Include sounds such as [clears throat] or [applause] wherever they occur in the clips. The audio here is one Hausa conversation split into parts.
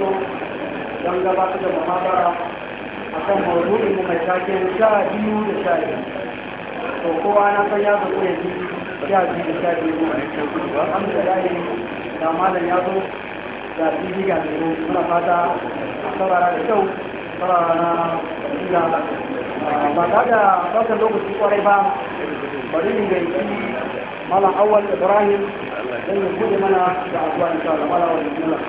kano don gabatar da muhabara a kan maudu'in mu mai taken sha biyu da sha biyu to kowa na san ya zaɓo ya ji sha biyu da sha biyu alhamdulillah da malam ya zo da bibi ga biyu muna fata a da kyau saurara na biya ba ta da ɗaukar lokaci kwarai ba bari in gaiki malam awal ibrahim don ya kuɗe mana da abuwa insha Allah malam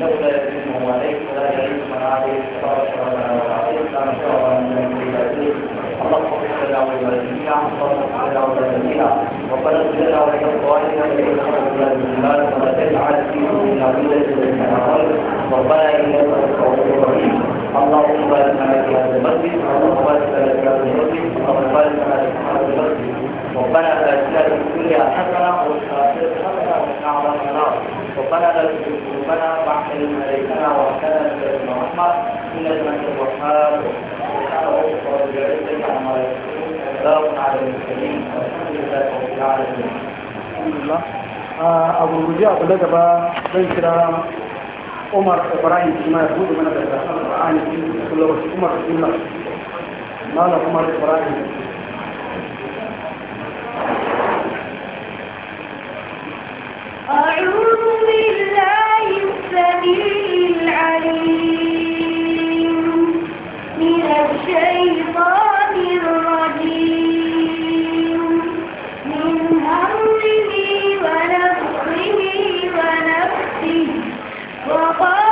لولا يتمه عليك ولا يعيش من عليك تبارك وتعالى وعليك لا شر من اللهم اغفر لنا ولوالدينا اللهم اغفر لنا ولوالدينا ربنا اغفر لنا ولإخواننا الذين خرجوا من النار ولا تجعل في قلوبنا غلا للذين آمنوا ربنا إنك رؤوف رحيم اللهم بارك لنا في هذا المسجد اللهم بارك لنا في هذا المسجد اللهم بارك لنا في هذا المسجد ربنا لا تجعل حسنة وفي الآخرة حسنة وقنا عذاب النار ربنا لا ذنوبنا واحسن علينا وهكذا نسألك الرحمة إنك أنت الوهاب وسبحان ربك رب العزة عما يصفون وسلام على المرسلين والحمد لله رب العالمين. الحمد لله. abu rujiya abu da gaba zai kira umar ibrahim kuma ya buɗe أعوذ السميع العليم من الشيطان الرجيم من همه ونفخه ونفسه وقال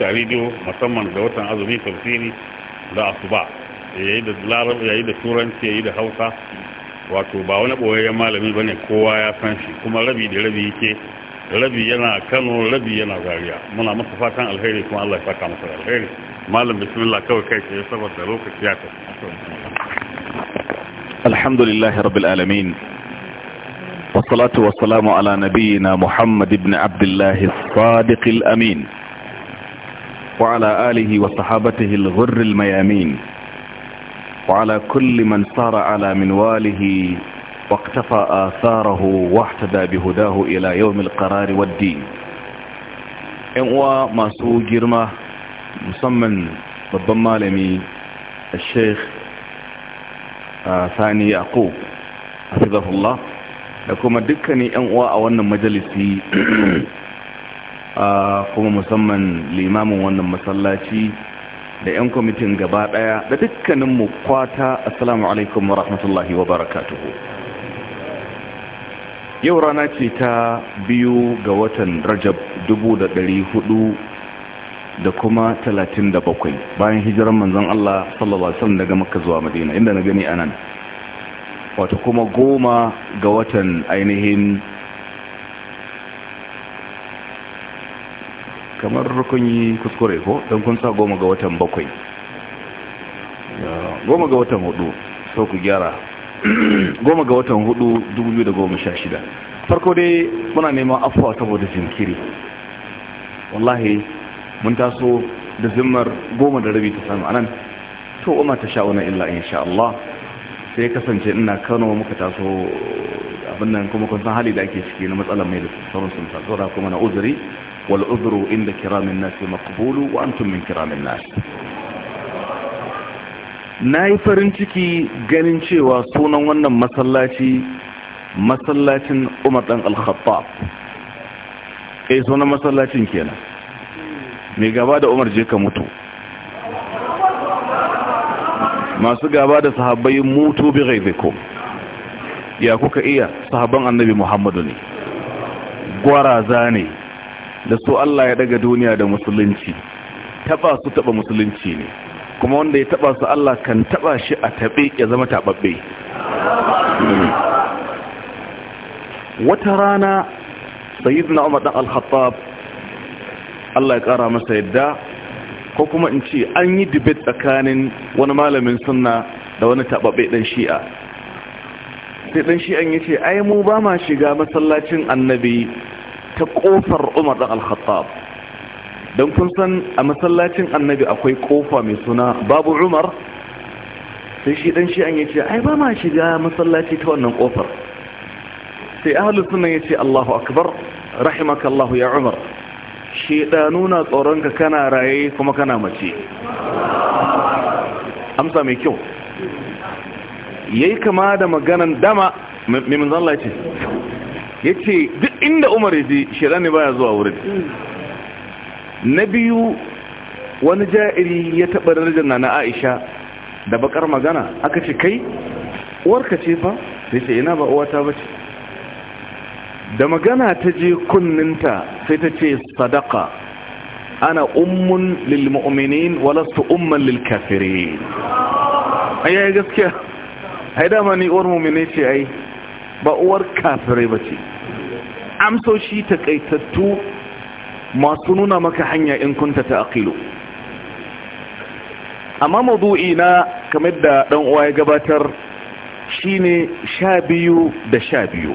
shi a musamman da watan azumi tafsiri da asuba yayi da larab yayi da turanci yayi da hausa wato ba wani boyayyen malami bane kowa ya san shi kuma rabi da rabi yake rabi yana Kano rabi yana Zaria muna masa fatan alheri kuma Allah ya saka masa alheri malam bismillah kawai kai ce saboda lokaci ya tafi alhamdulillah rabbil alamin والصلاة والسلام على نبينا محمد بن عبد الله الصادق الأمين وعلى آله وصحابته الغر الميامين وعلى كل من صار على منواله واقتفى آثاره واحتدى بهداه إلى يوم القرار والدين إنوا ما سوء جرمة مصمن ببما لمي الشيخ آه، ثاني يعقوب حفظه الله لكم الدكني إنوا أولا مجلسي [clears throat] kuma musamman limamin wannan masallaci da 'yan kwamitin gaba daya da dukkanin mu kwata assalamu alaikum wa rahmatullahi wa barakatuhu yau rana ce ta biyu ga watan rajab dubu da kuma bakwai, bayan hijirar manzon Allah sallallahu alaihi daga Makka zuwa Madina inda na gani anan wato kuma goma ga watan ainihin kamar rukun yi kuskure ko don kun sa goma ga watan bakwai goma ga watan hudu sau ku gyara [clears throat] goma ga watan hudu 2016 farko dai muna neman afuwa saboda jinkiri wallahi mun taso da zimmar goma da rabi ta samu anan to umar ta sha'una illa insha Allah sai kasance ina kano muka taso abin nan kuma kun san hali da ake ciki na matsalar mai da sauran sun tsora kuma na uzuri wal uzuru inda kiramin nas maqbulu wa antum min kiramin nas yi farin ciki ganin cewa sunan wannan masallaci masallacin Umar dan Al-Khattab eh sunan masallacin kenan mai gaba da Umar je ka mutu masu gaba da sahabbai mutu bi ghaibikum ya kuka iya sahaban annabi muhammadu ne gwaraza ne da su Allah ya daga duniya da musulunci taba su taba musulunci ne kuma wanda ya taba su Allah kan taba shi a tabe ya zama tababbe wata rana sayyidina Umar dan al Allah ya kara masa yadda ko kuma in ce an yi dibet tsakanin wani malamin sunna da wani tababbe dan Shi'a sai dan shi an ce ai mu ba ma shiga masallacin annabi ta kofar Umar dan Al-Khattab dan kun san a masallacin annabi akwai kofa mai suna babu Umar sai shi dan shi an ce ai ba ma shiga masallaci ta wannan kofar sai ahlus sunna yace Allahu akbar rahimaka Allahu ya Umar shi na nuna tsoronka kana raye kuma kana mace amsa mai kyau yayi kama da maganan dama mai manzo Allah ce yace duk inda Umar yaje ne baya zuwa wurin na biyu wani ja'iri ya taɓa darajar na Aisha da bakar magana aka ce kai uwarka ce fa sai ina ba uwata ba ce da magana ta je kunninta sai ta ce sadaka ana ummun lil mu'minin walastu umman lil kafirin ai gaskiya Hai dama ni uwar mummune ce ai ba uwar kafirai ba ce amsoshi takaitattu masu nuna maka hanya in kunta ta aqilu amma mazu'i na kamar da ɗan uwa ya gabatar shine sha biyu da sha biyu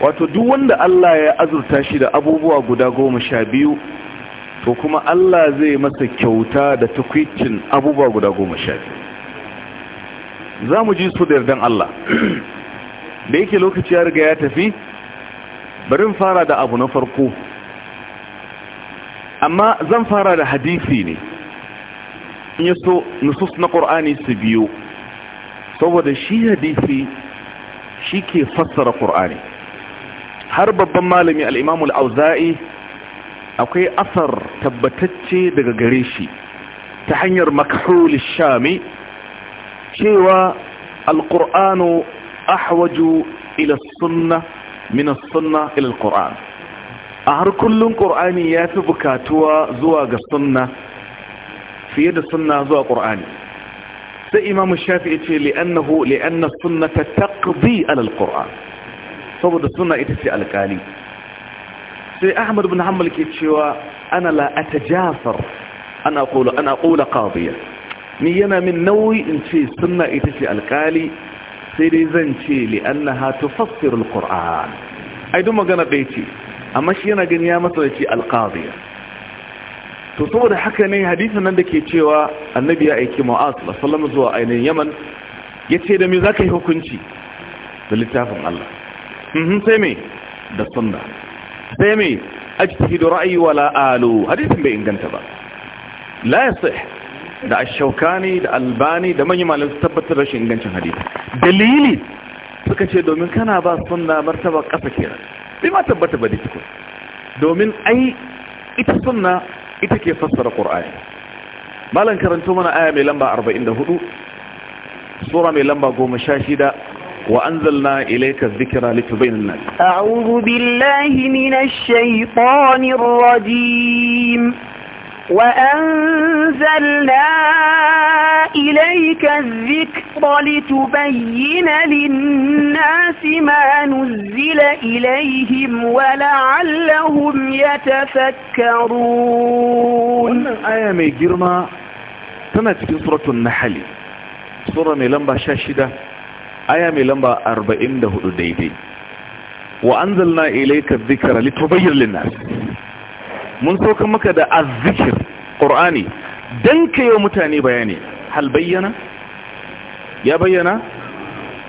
wato duk wanda Allah ya azurta shi da abubuwa guda goma sha biyu to kuma Allah zai masa kyauta da tukwicin abubuwa guda goma sha biyu za mu ji su da yardan Allah [clears throat] da yake lokaci ya riga ya tafi barin fara da abu na farko amma zan fara da hadisi ne in yaso nusus na ƙor'ani su biyo saboda shi hadisi shi ke fassara ƙor'ani har babban malami al'imamul auza'i akwai asar tabbatacce daga gare shi ta hanyar makhul shami شيوا القرآن أحوج إلى السنه من السنه إلى القرآن أهر كل قرآن يافبك توا زواج السنه في يد الصنة زواج سي سإمام الشافعي لأنه لأن السنه تقضي على القرآن فبدأ الصنة إتسأل سي احمد بن حمل كيتشوا أنا لا أتجافر أنا أقول, أنا أقول قاضية ni yana min nauyi in ce sunna ita ce alkali sai dai zan ce li annaha tufassiru alquran ai duk magana ɗaya ce amma shi yana gani ya masa da ce alqadiya to saboda haka ne hadisin nan da ke cewa annabi ya aiki mu'az sallallahu zuwa ainihin yaman yace da me zaka yi hukunci da littafin Allah mhm sai me da sunna sai me ajtahidu rayi wala alu hadisin bai inganta ba la yasih da ashaukani da albani da manyan malamai su tabbatar rashin ingancin hadisi dalili suka ce domin kana ba sunna martaba kasa kenan bai ma tabbata ba dai domin ai ita sunna ita ke fassara qur'ani Malam karanto mana aya mai lamba 44 sura mai lamba 16 وأنزلنا إليك الذكر لتبين الناس أعوذ بالله من الشيطان الرجيم وأنزلنا إليك الذكر لتبين للناس ما نزل إليهم ولعلهم يتفكرون آية مي جرما تمت في سورة النحل سورة مي لمبا شاشدة آية مي لمبا أربعين دهو ديدي وأنزلنا إليك الذكر لتبين للناس mun saukan maka da azikir ƙor'ani don ka yi mutane bayani hal bayyana ya bayyana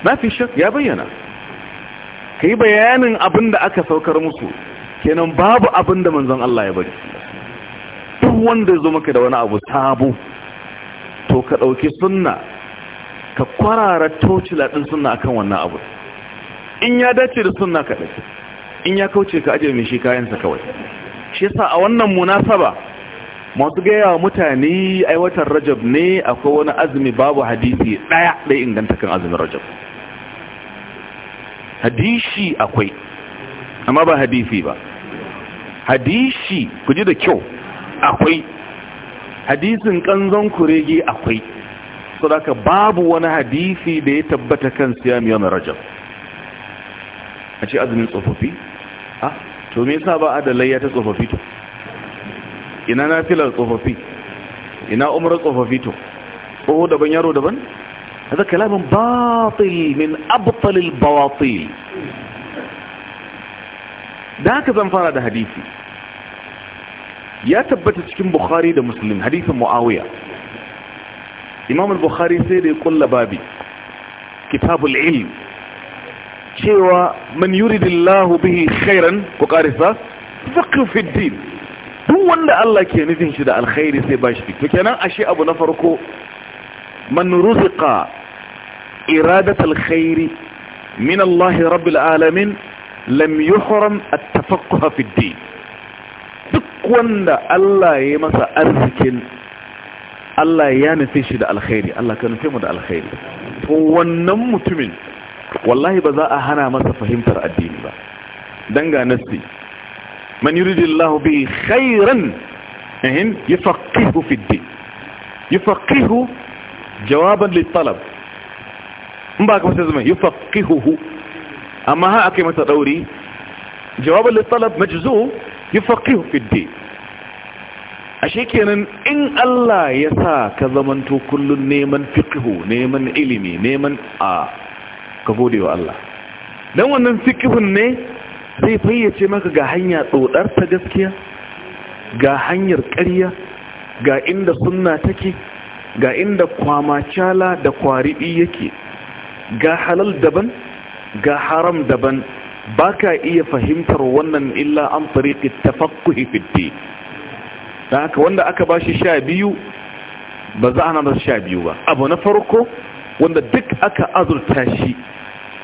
na fi shak ya bayyana ka yi bayanin abin da aka saukar musu kenan babu abin da manzon Allah ya bari duk wanda ya zo maka da wani abu sabo to ka ɗauki sunna ka kwarara tocila ɗin sunna akan wannan abu in ya dace da sunna ka ɗauki in ya kauce ka ajiye mai shi kayansa kawai shi yasa a wannan munasaba masu gaya mutane ai watan rajab ne akwai wani azumi babu hadisi daya dai inganta kan azumin rajab hadishi akwai amma ba hadisi ba hadishi ku ji da kyau akwai hadisin kanzon kurege akwai saboda babu wani hadisi da ya tabbata kan siyami yawm rajab a ce azumin tsofaffi ah, to me yasa ba a da layya ta tsofaffi to ina nafilar tsofaffi ina umrar tsofaffi to ko daban yaro daban هذا كلام باطل من da haka zan fara da حديثي ya tabbata cikin Bukhari da Muslim hadisin Muawiya Imam al-Bukhari sai da kulla babi kitabul al-Ilm cewa man yuridillahu bihi khairan ku karisa faqihu fi din duk wanda Allah ke nufin shi da alkhairi sai ba shi to kenan ashe abu na farko man ruziqa iradat alkhairi min Allah rabbil alamin lam yuhram at-tafaqquh fi din duk wanda Allah ya masa arzikin Allah ya nufi shi da alkhairi Allah ka nufi mu da alkhairi to wannan mutumin wallahi ba za a hana masa fahimtar addini ba dan ga nasti man yuridillahu bi khairan ehin yufaqihu fi din yufaqihu jawaban litalab in ba ka masa zama yufaqihu amma ha akai masa dauri jawaban litalab majzu yufaqihu fi din ashe kenan in Allah ya sa ka zamanto kullun neman fiqhu neman ilimi neman a ka gode wa Allah don wannan fikihun ne zai fayyace maka ga hanya tsodar ta gaskiya ga hanyar ƙarya ga inda sunna take ga inda kwamacala da kwariɗi yake ga halal daban ga haram daban ba ka iya fahimtar wannan illa an fariƙi tafaqquhi fi Da haka wanda aka bashi biyu ba za a nan sha biyu ba abu na farko wanda duk aka azurta shi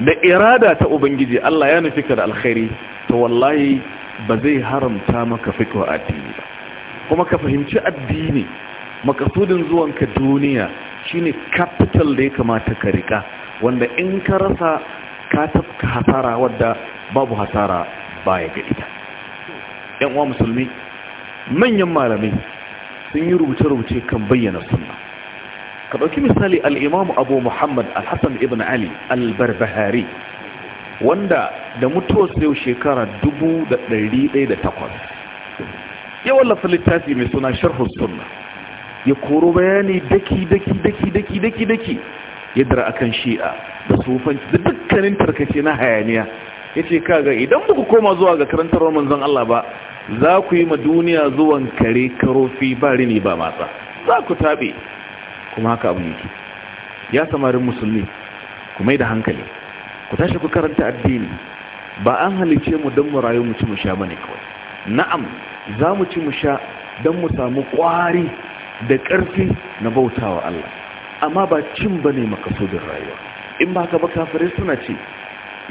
da irada ta ubangiji Allah ya nufi ka da alkhairi to wallahi ba zai haramta maka fiqh addini ba kuma ka fahimci addini makasudin zuwanka duniya shine capital da ya kamata ka rika wanda in ka rasa ka tafka hasara wadda babu hasara baya ga ita yan uwa musulmi manyan malamai sun yi rubuce-rubuce kan bayyana sunna ka ɗauki misali al'imamu abu muhammad al-hassan ibn ali al-barbahari wanda da mutuwar yau shekara takwas, ya wallafa littafi mai suna sharhu sunna ya koro bayani daki daki daki daki daki daki ya dara akan shi'a da sufanci da dukkanin tarkace na hayaniya ya ce kaga idan ba koma zuwa ga karantar manzon Allah ba za ku yi ma duniya zuwan kare karofi ba rini ba matsa za ku taɓe kuma haka abu yake ya samarin musulmi ku mai da hankali ku tashi ku karanta addini ba an halice mu don mu rayu mu ci mu sha bane kawai na'am za mu ci mu sha don mu samu kwari da ƙarfi na bautawa Allah amma ba cin bane makasudin rayuwa in ba ka ba kafirai suna ce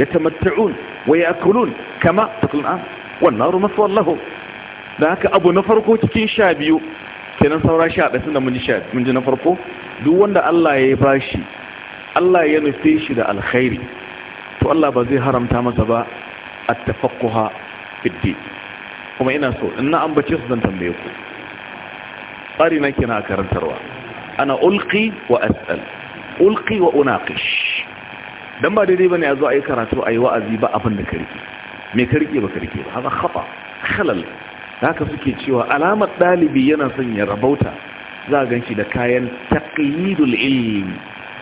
tamatta'un wa akulun kama kulun an wannan rumasu wallahu da haka abu na farko cikin sha biyu kenan saura shi a ɗasin da mun ji na farko duk wanda Allah ya ba shi Allah ya nufe shi da alkhairi to Allah ba zai haramta masa ba a tafakkuha fiddi kuma ina so ina an ambace su zan tambaye ku tsari na kina karantarwa ana ulki wa as'al ulki wa unaqish dan ba daidai bane a zo a yi karatu a yi wa'azi ba abin da karki me karki ba karki ba haka khata khalal haka suke cewa alamar ɗalibi yana son ya rabauta za a ganshi da kayan taqyidul ilmi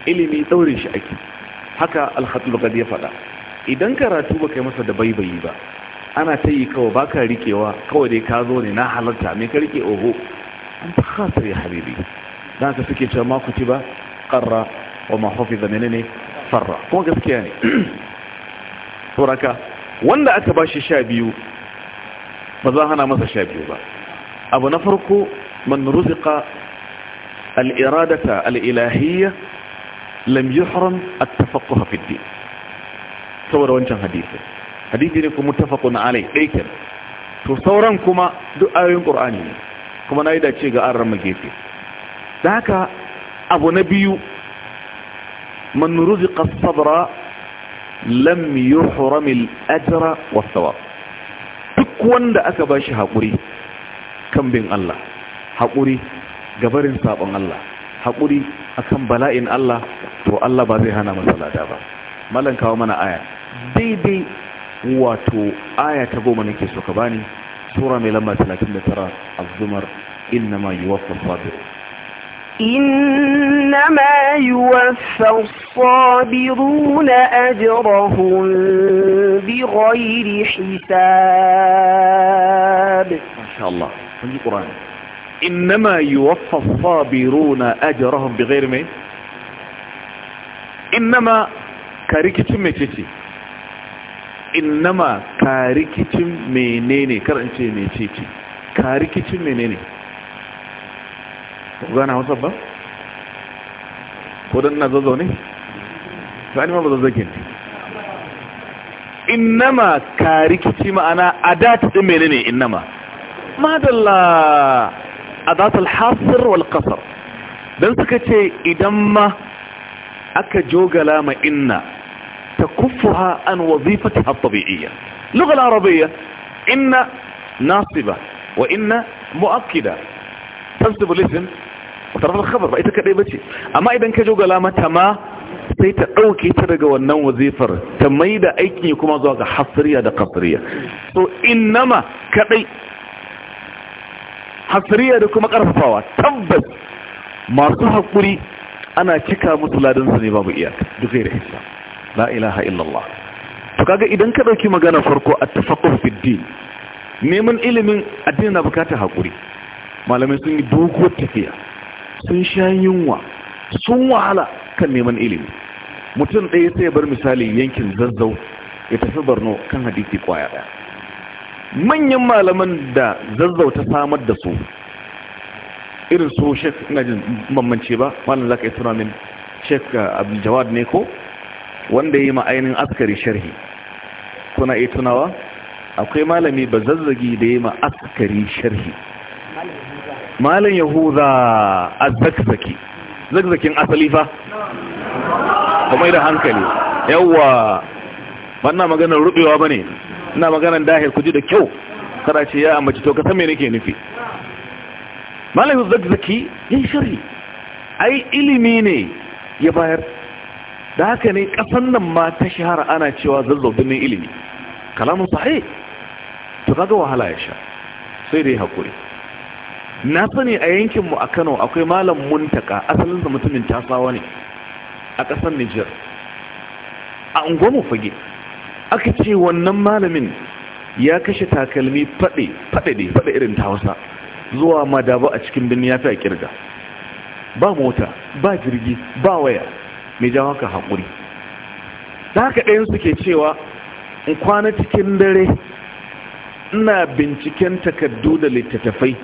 ilimi daure shi ake haka al-khatib ya faɗa idan karatu ba kai masa da baibayi ba ana ta yi kawai baka rikewa kawai dai ka zo ne na halarta me ka rike oho an ta hasar ya habibi dan ka suke cewa ma ba. Ƙarra wa ma hafiza menene farra kuma gaskiya ne [clears throat] wanda aka ba shi sha biyu ba za hana masa sha biyu ba abu na farko man ruziqa al-iradata al-ilahiyya lam yuhram at-tafaqquh fi saboda wancan hadisi hadisi ne kuma mutafaqun alai dai to sauran kuma duk ayoyin qur'ani ne kuma na yi dace ga arran magefe da haka abu na biyu man ruziqa as-sabra lam yuhram al-ajra was-sawab duk wanda aka ba shi haƙuri kan bin Allah haƙuri gabarin saɓon Allah haƙuri a kan bala'in Allah to Allah ba zai hana masa ba malan kawo mana aya daidai wato aya ta goma nake so ka bani sura mai lamba 39 a zumar innama yuwaffa sabirun إنما يوفى الصابرون أجرهم بغير حساب ما شاء الله في القرآن إنما يوفى الصابرون أجرهم بغير ما إنما كاريكتم ميتيتي إنما كاريكتم مينيني ميتيتي كاريكتم gane hausar ba ko don na zazzau ne ta ma ba zazzage ne innama ka rikici ma'ana a data ɗin mene ne innama madalla a data alhassar wal kasar don suka ce idan ma aka jogala ma inna ta kufuha an wazifata hattabi'iyya lugal arabiyya inna nasiba wa inna mu'akkida tasdibu lisin mutarafin khabar ba ita kadai bace amma idan ka jogala mata ma sai ta dauke ta daga wannan wazifar ta maida aikin kuma zuwa ga hasriya da qasriya to innama kadai hasriya da kuma karfafawa tabbas masu hakuri ana cika musu ladan su ne babu iyaka duk da hisab la ilaha illallah to kaga idan ka dauki magana farko at-tafaqquh fi din neman ilimin addini na bukatar hakuri malamai sun yi doguwar tafiya sun sha yunwa sun wahala kan neman ilimi mutum ɗaya sai bar misali yankin zazzau ya tafi barno kan hadisi kwaya ɗaya manyan malaman da zazzau ta samar da su irin su shek ina jin bambance ba malam zaka yi suna min shek uh, abdul ne ko wanda yi ma'ainin askari sharhi kuna iya tunawa akwai malami ba zazzagi da yi ma askari sharhi malam yahuza azzakzaki zakzakin asali fa kuma da hankali yawa banna maganar rubewa ne, ina maganar dahir kuji da kyau kada ce ya amince to ka san me nake nufi malam yahuza zakzaki yin sharri ai ilimi ne ya bayar da haka ne kasan nan ma ta shahara ana cewa zazzabin ilimi kalamun sahi to kaga wahala ya sha sai dai haƙuri. na sani a yankinmu a kano akwai malam muntaka asalinsa mutumin tasawa ne a ƙasar Nijar. a unguwarmu fage aka ce wannan malamin ya kashe takalmi faɗe faɗe ne faɗe irin ta hausa zuwa madaba a cikin birni ya fi a kirga ba mota ba jirgi ba waya mai jawo ka haƙuri da haka ɗayan suke cewa in kwana cikin dare ina binciken takardu da littattafai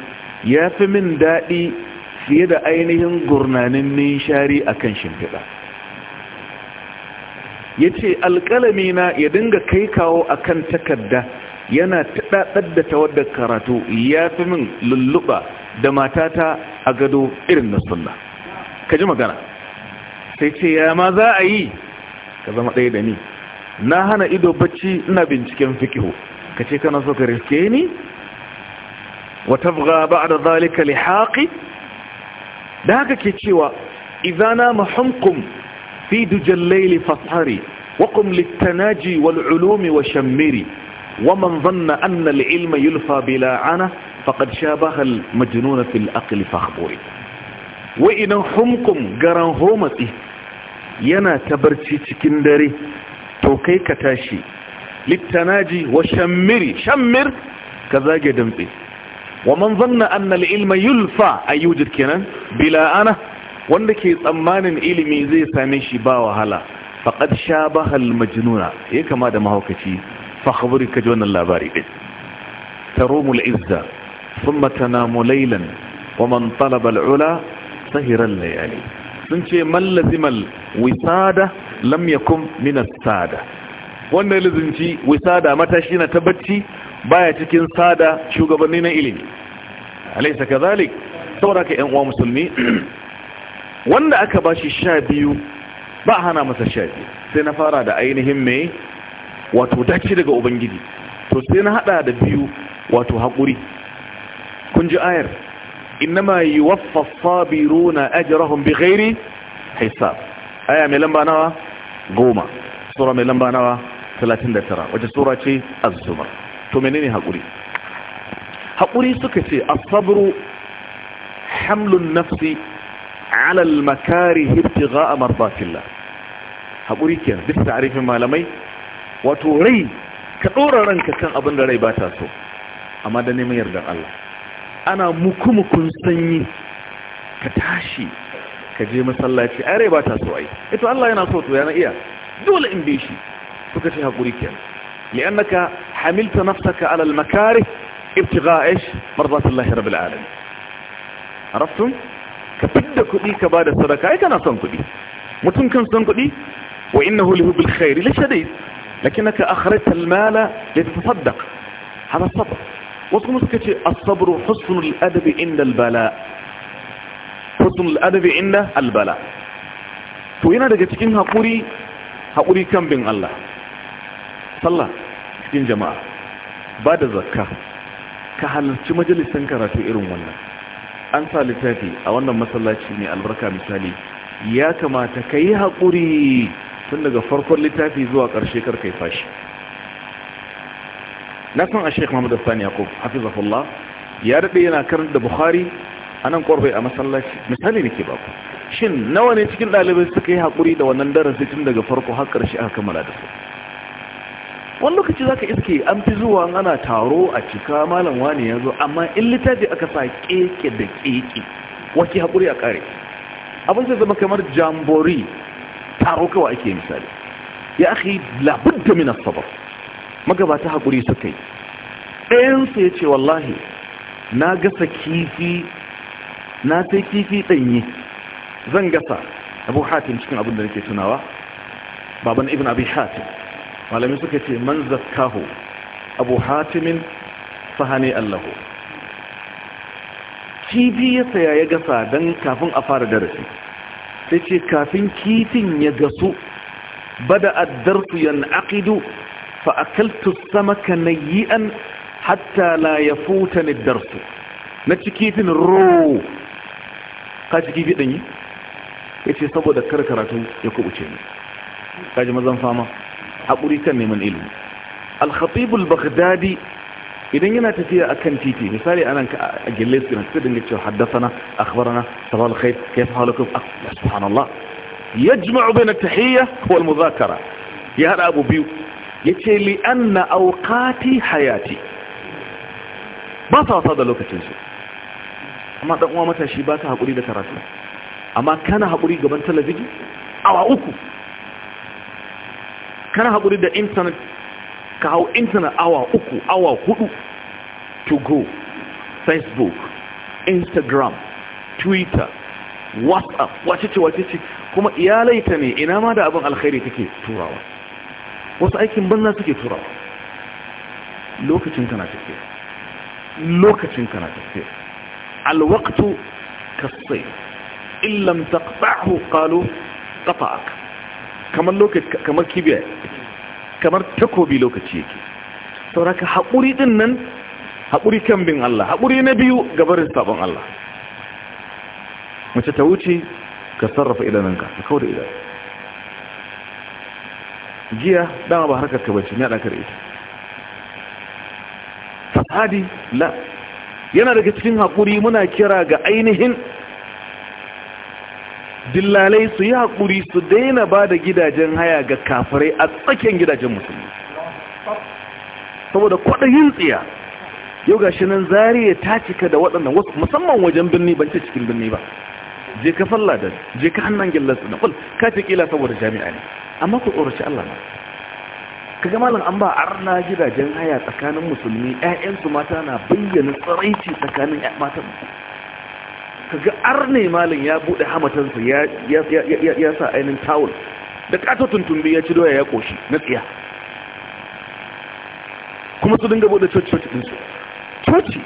ya fi min daɗi fiye da ainihin gurnanin nishari a kan shimfiɗa ya ce alƙalamina ya dinga kai kawo a kan takarda yana taɗaɗar da tawadda karatu ya fi min lulluɓa da matata a gado irin na sunna ka ji magana sai ce ya ma za a yi ka zama ɗaya da ni na hana ido bacci ina binciken fikihu ka ce kana so ka riske ni وتبغى بعد ذلك لحاق ذاك يتشوى إذا نام حمكم في دج الليل فصاري وقم للتناجي والعلوم وشمري ومن ظن أن العلم يلفى بلا عنا فقد شابه المجنون في الأقل فاخبري وإن حمكم قران هومته ينا تبرتي تكندري توكي كتاشي للتناجي وشمري شمر كذا جدن wa man zanna anna ilma yulfa ay yujid kenan bila'ana, wanda ke tsammanin ilimi zai sami shi ba wahala faqad shabaha majnuna ya kama da mahaukaci fa khabari ka ji wannan labari din tarumu al-izza thumma tanamu wa man talaba al-ula sahira al-layali sun ce mallazimal wisada lam yakun min as-sada wannan lizinci wisada matashi na tabbaci baya cikin sada shugabanni na ilimi alaisa kazalik saboda ka yan uwa musulmi [clears throat] wanda aka bashi sha biyu ba hana masa sha biyu sai na fara da ainihin mai wato dace daga ubangiji to sai na hada da biyu wato haƙuri kun ji ayar innama na sabiruna ajrahum bighairi hisab aya mai lamba nawa goma sura mai lamba nawa 39 wace sura ce az to menene haƙuri haƙuri suka ce asabru hamlun nafsi alal makari hibtiga a marbatillah haƙuri ke duk ta'arifin malamai wato rai ka ɗora ranka kan abin da rai ba ta so amma da neman yardar Allah ana muku-mukun sanyi ka tashi ka je masallaci a rai ba ta so ai ito Allah yana so to yana iya dole in bi shi suka ce haƙuri kenan لأنك حملت نفسك على المكاره ابتغاء ايش؟ مرضات الله رب العالمين عرفتم؟ كتبت كدي كبار الصدقاء كان أصنك دي متن كان أصنك دي وإنه له بالخير لشديد لكنك أخرجت المال لتتصدق هذا الصبر وطمسك الصبر حسن الأدب عند البلاء حسن الأدب عند البلاء فإن دقتك إنها قولي هاقولي كم بين الله صلى الله cikin jama'a ba da zakka ka halarci majalisan karatu irin wannan an sa littafi a wannan masallaci mai albarka misali ya kamata ka yi haƙuri tun daga farkon littafi zuwa ƙarshe kar kai fashi na san a sheik muhammad sani yakub hafizahullah ya daɗe yana karanta da bukhari a nan ƙwarfai a masallaci misali ne ke baku shin nawa ne cikin ɗalibai suka yi haƙuri da wannan darasi tun daga farko har ƙarshe aka kammala da su wani lokaci za ka iske an fi zuwa ana taro a cika malam wani ya zo amma in littafi aka sa keke da keke wake haƙuri a ƙare abin zai zama kamar jambori taro kawai ake misali ya ake labudda min asabar magabata haƙuri suka yi ɗayansu ya ce wallahi na gasa kifi na sai kifi ɗanye zan gasa abu hatim cikin abin da nake tunawa baban ibn abi hatim malami suka ce man zakkahu abu hatimin sahani allahu kifi ya saya ya gasa don kafin a fara darasi sai ce kafin kifin ya gasu bada addartu yan aqidu fa akaltu samaka an, hatta la ni darsu na ci kifin ro ka ci kifi Ya yace saboda karkaratu karatu ya kubuce ni kaji mazan fama haƙuri kan neman ilimi alkhatibul baghdadi idan yana tafiya a kan titi misali a nan a gille su sai dinga cewa haddasana akhbarana sabal khair kayf halukum subhanallah yajma'u bayna at-tahiyya wal mudhakara ya hada abu biyu yace li anna awqati hayati ba sa wasa da lokacin su amma dan uwa matashi ba ta hakuri da karatu amma kana hakuri gaban talabijin awa uku kana haƙuri da intanet ka hau intanet awa uku awa hudu to go facebook instagram twitter whatsapp wacece wacece kuma iyalai ta ne ina ma da abin alkhairi take turawa wasu aikin banza suke turawa lokacin kana tafiya lokacin kana tafiya alwaqtu kasai in lam taqta'hu qalu qata'aka kamar lokaci kamar kibiya kamar takobi lokaci yake sauraka haƙuri din nan haƙuri kan bin Allah haƙuri na biyu gabarin sabon Allah mace ta wuce ka sarrafa idanunka ka kawo da idan giya dama ba harkar ka bace ne ɗakar ita fasadi la yana daga cikin haƙuri muna kira ga ainihin dillalai su yi haƙuri su daina ba da gidajen haya ga kafirai a tsakiyar gidajen musulmi saboda kwaɗayin tsiya yau ga shi nan zariya ta cika da waɗannan wasu musamman wajen birni ban ce cikin birni ba je ka falla da je ka hannun gillar su na ƙul ka ce ƙila saboda jami'a ne amma ku tsoraci allah na ka ga malam an ba arna gidajen haya tsakanin musulmi 'ya'yansu mata na bayyana tsiraici tsakanin mata. ka ga arne malin ya buɗe hamatansa ya sa ainihin tawul da ƙatotun tumbi ya ci doya ya ƙoshi na tsiya kuma su dinga buɗe coci-coci ɗinsu coci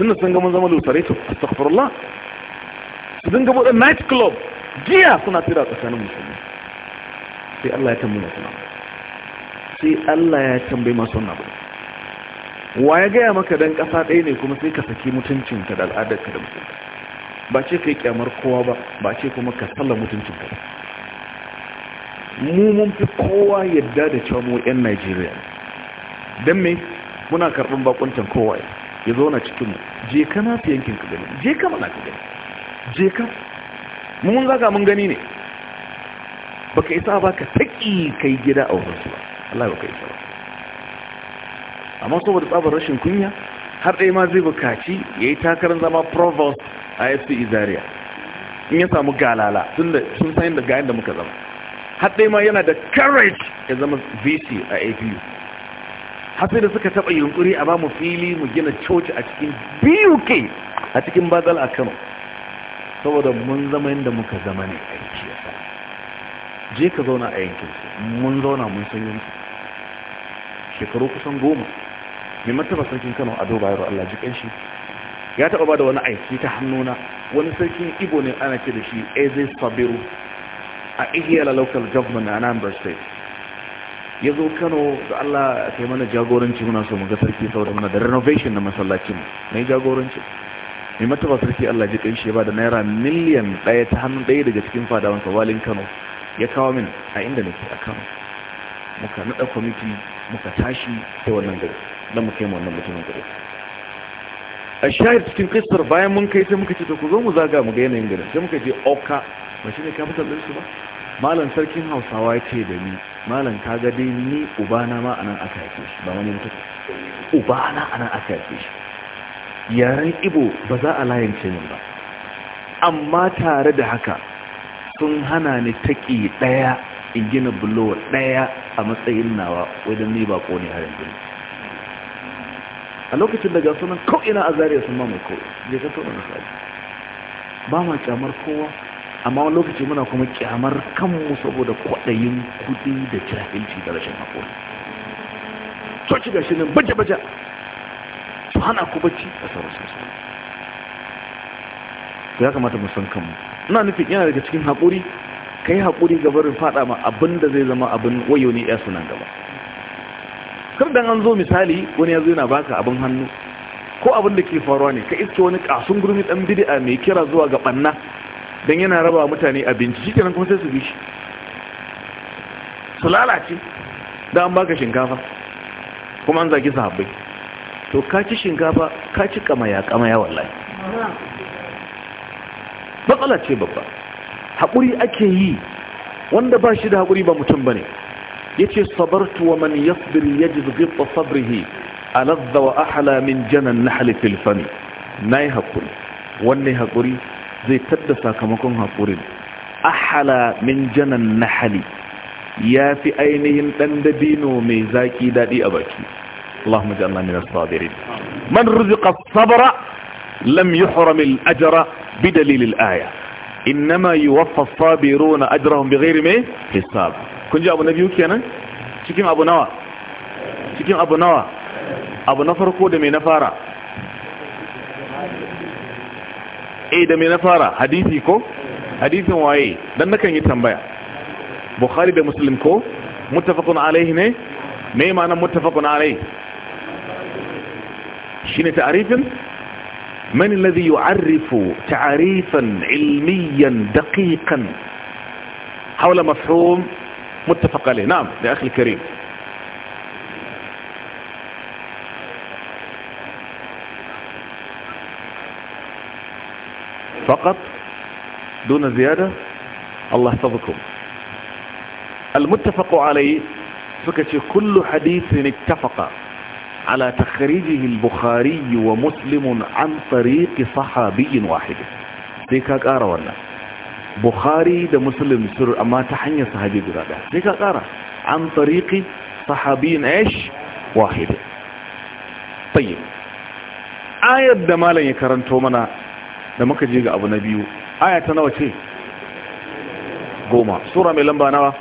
na sun gama zama lusare to astaghfirullah su dinga buɗe night club jiya suna tira tsakanin musulmi sai Allah ya tambaye masu nabu sai Allah ya tambaye masu nabu wa ya gaya maka dan ƙasa ɗaya ne kuma sai ka saki mutuncinka da al'adarka da musulmi ba ce yi kyamar kowa ba ba ce kuma ka tsalla mutuncin ka mu mun fi kowa yadda da cewa mu yan Najeriya dan me muna karɓar bakuncin kowa ya zo na cikin je ka na fi yankin ka gani je ka mana ka gani je ka mun zaka mun gani ne baka isa ba ka taƙi kai gida a wurin su ba Allah baka isa ba amma saboda tsabar rashin kunya har ɗaya ma zai bukaci ya yi takarar zama provost ISP Zaria in ya samu galala tun da sun san da gayan da muka zama haɗe ma yana da courage ya zama VC a APU hafi da suka taɓa yunkuri a bamu fili mu gina coci a cikin BUK a cikin Bazal a Kano saboda mun zama yadda muka zama ne a yanki yasa je ka zauna a yankin mun zauna mun san yanki shekaru kusan goma mai martaba sarkin Kano a doba yaro Allah ji kanshi ya taɓa ba da wani aiki ta hannuna wani sarkin ibo ne ana ce da shi eze sabiru a igiyar local government a anambra state ya zo kano da allah kai mana jagoranci muna so ga sarki saboda muna da renovation na masallacin na yi jagoranci mai mataba sarki allah ji kanshi ba da naira miliyan ɗaya ta hannun ɗaya daga cikin fadawan sabalin kano ya kawo min a inda nake a kano muka naɗa kwamiti muka tashi ta wannan gari don mu kai wannan mutumin gari a shayar cikin kistar bayan mun kai sai muka ce ku zo mu zaga mu ga yanayin gari sai muka je oka ba shi ne capital ɗin su ba malam sarkin hausawa ya ce da ni malam ka ga dai ni ubana ma a nan aka yake shi ba wani mutum ubana a nan aka yake shi yaren ibo ba za a layance min ba amma tare da haka sun hana ni taƙi ɗaya in gina bulowa ɗaya a matsayin nawa wajen ni ba ko ne har yanzu ne. a lokacin daga sunan ko'ina a zariya sun mamaye kowa zai ka tona misali ba ma kyamar kowa amma wani lokaci muna kuma kyamar kanmu saboda kwaɗayin kuɗi da jahilci da rashin haƙuri to ci gashi nan baje-baje su hana ku bacci a sauran su ya kamata mu san kanmu ina nufin yana daga cikin haƙuri kai yi haƙuri gabarin faɗa ma abin zai zama abin wayo ne ya sunan gaba kar dan an zo misali wani ya zo yana baka abin hannu ko abin da ke faruwa ne ka iske wani kasun gurmi dan bid'a mai kira zuwa ga banna dan yana raba mutane abinci shi kenan kuma sai su bi shi su lalace da an baka shinkafa kuma an zaki sahabbai to ka ci shinkafa ka ci kamaya kamaya wallahi matsala ce babba haƙuri ake yi wanda ba shi da haƙuri ba mutum ba ne يكي صبرت ومن يصبر يجد غط صبره ألذ وأحلى من جنى النحل في الفن ناي هكول واني هكولي زي تدسا كما كون هكولي أحلى من جنى النحل يا في أينهم تندبينو ميزاكي دادي أباكي اللهم جعلنا من الصابرين من رزق الصبر لم يحرم الأجر بدليل الآية إنما يوفى الصابرون أجرهم بغير ما حساب kun ji abu na biyu kenan cikin abu nawa cikin abu nawa abu na farko da mai na fara eh da mai na fara hadisi ko hadisin waye dan nakan yi tambaya bukhari da muslim ko muttafaqun alaihi ne me ma'anar muttafaqun alaihi shine ta'arifin من الذي يعرف تعريفا علميا دقيقا حول مفهوم متفق عليه نعم لأخي الكريم فقط دون زيادة الله يحفظكم المتفق عليه فكت كل حديث اتفق على تخريجه البخاري ومسلم عن طريق صحابي واحد ديكا قارة والله bukhari da muslim sur amma ta hanyar sahabi guda ɗaya sai ka ƙara an tariƙi sahabi na wahid tayyib ayar da malam ya karanto mana da muka je ga abu na biyu aya ta nawa ce goma sura mai lamba nawa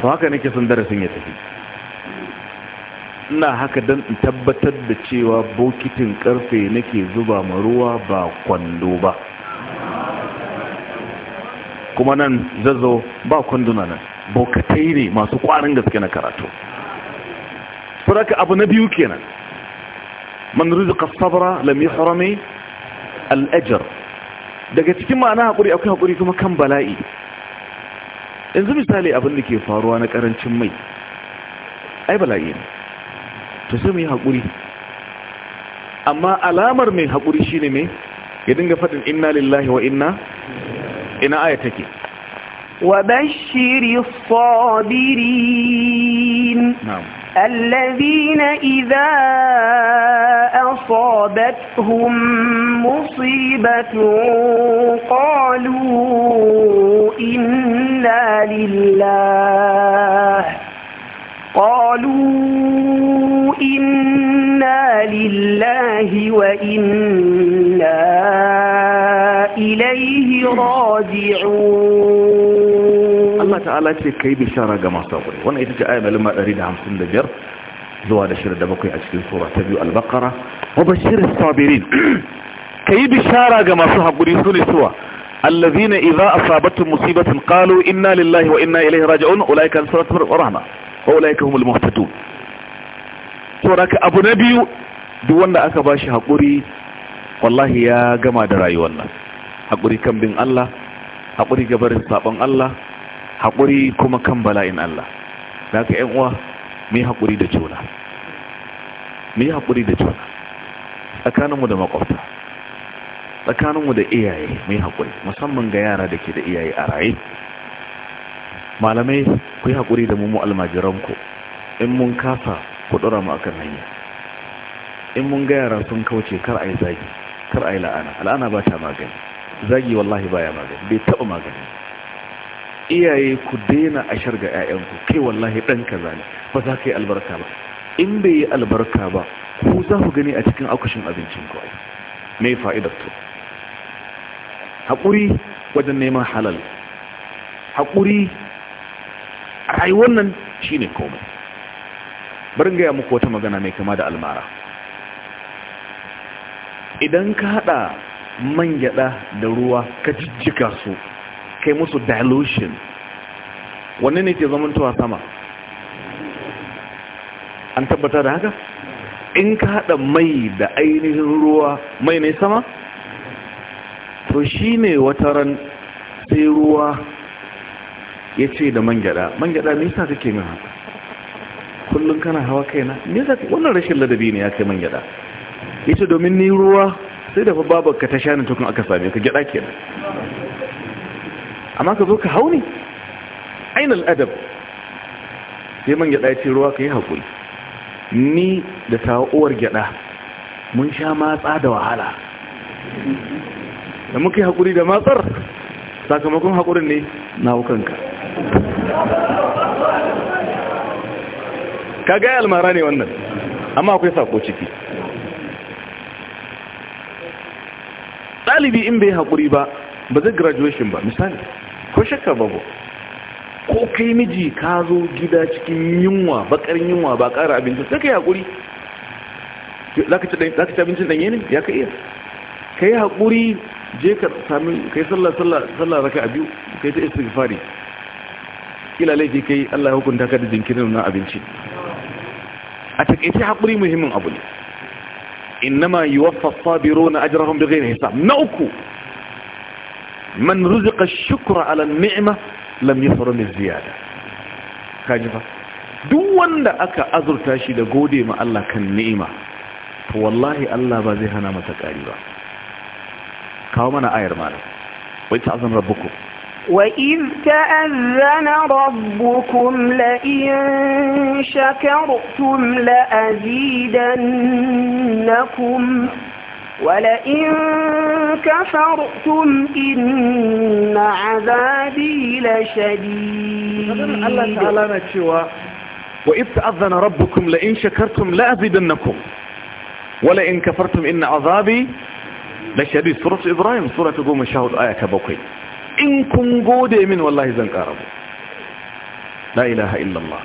to haka nake son darasin ya tafi ina haka don in tabbatar da cewa bokitin karfe nake zuba ma ruwa ba kwando ba kuma nan zazzau ba kwanduna nan bokatai ne masu kwarin gaske na karatu suraka abu na biyu kenan man rizqa sabra lam yuhrami al ajr daga cikin ma'ana hakuri akwai hakuri kuma kan bala'i yanzu misali abin da ke faruwa na karancin mai ai bala'i ne to sai mu yi hakuri amma alamar mai hakuri shine me ya dinga faɗin inna lillahi wa inna ina aya take وبشر الصابرين نعم الذين إذا أصابتهم مصيبة قالوا raji'un Allah ta'ala ce kai bishara ga masu hakuri wannan ita ce aya mai 155 zuwa da shirin da bakwai a cikin sura ta biyu al wa bashir sabirin kai bishara ga masu hakuri sune suwa الذين إذا أصابتهم مصيبة قالوا إنا لله وإنا إليه راجعون أولئك الصلاة ورحمة وأولئك هم المهتدون duk wanda aka bashi أكباش wallahi ya gama da رأي والله حقوري كم بين Allah. haƙuri barin saɓon Allah haƙuri kuma kan bala'in Allah da haka ‘yan uwa mai haƙuri da juna mai haƙuri da juna tsakaninmu da maƙwabta, tsakaninmu da iyaye mai haƙuri musamman ga yara da ke da iyaye a raye malamai ku yi haƙuri da mummu almajiranku in mun kasa ku ɗora mu akan hanya in mun ga yara sun kauce kar a yi zagi kar a yi la'ana la'ana ba ta magani zagi wallahi baya magani bai taba magani iyaye ku daina ashar ga 'ya'yanku kai wallahi ɗan kaza ne ba za ka yi albarka ba in bai yi albarka ba ku za ku gani a cikin akushin abincin ku mai fa'idar to haƙuri wajen neman halal haƙuri a wannan shi komai barin gaya muku wata magana mai kama da almara idan ka haɗa man gyada da ruwa ka jijjika su kai musu dilution wanne ne ke tuwa sama an tabbata da haka in ka hada mai da ainihin ruwa mai ne sama to shi ne ran sai ruwa ya ce da man gyada man gyada nisa kake min haka kullum kana hawa kaina nisa wannan rashin ladabi ne ya kai man gyada ita domin ni ruwa sai da babar ka ta shanin tukun aka same ka gyaɗa kenan amma ka zo ka hau ne ainihin adab sai man gyaɗa ce ruwa ka yi haƙuri ni da ta uwar gyaɗa mun sha matsa da wahala da muka yi haƙuri da matsar sakamakon haƙurin ne na hukanka ka gaya almara ne wannan amma akwai sako ciki ɗalibi in bai haƙuri ba ba zai graduation ba misali ko shakka babu ko kai miji ka zo gida cikin yunwa bakar yunwa ba ƙara abinci sai ka yi haƙuri za ka ci abincin ɗanye ne ya ka iya ka yi haƙuri je ka sami ka yi sallah raka a biyu ka yi ta istighfari kila laifi kai Allah ya hukunta ka da jinkirin na abinci a takaice haƙuri muhimmin abu ne إنما يوفى الصابرون أجرهم بغير حساب نوكو من رزق الشكر على النعمة لم يحرم الزيادة كاجفة دون أكا أذر تاشيد قودي ما الله كان نعمة فوالله الله بازيها نامتك أيضا كاومنا آير مالا ويتعظم ربكو وإذ تأذن ربكم لئن شكرتم لأزيدنكم ولئن كفرتم إن عذابي لشديد الله تعالى نتشوى وإذ تأذن ربكم لئن شكرتم لأزيدنكم ولئن كفرتم إن عذابي لشديد سورة إبراهيم سورة قوم الشهود آية كبوكي in kun gode min wallahi zan ƙara mu la ilaha illallah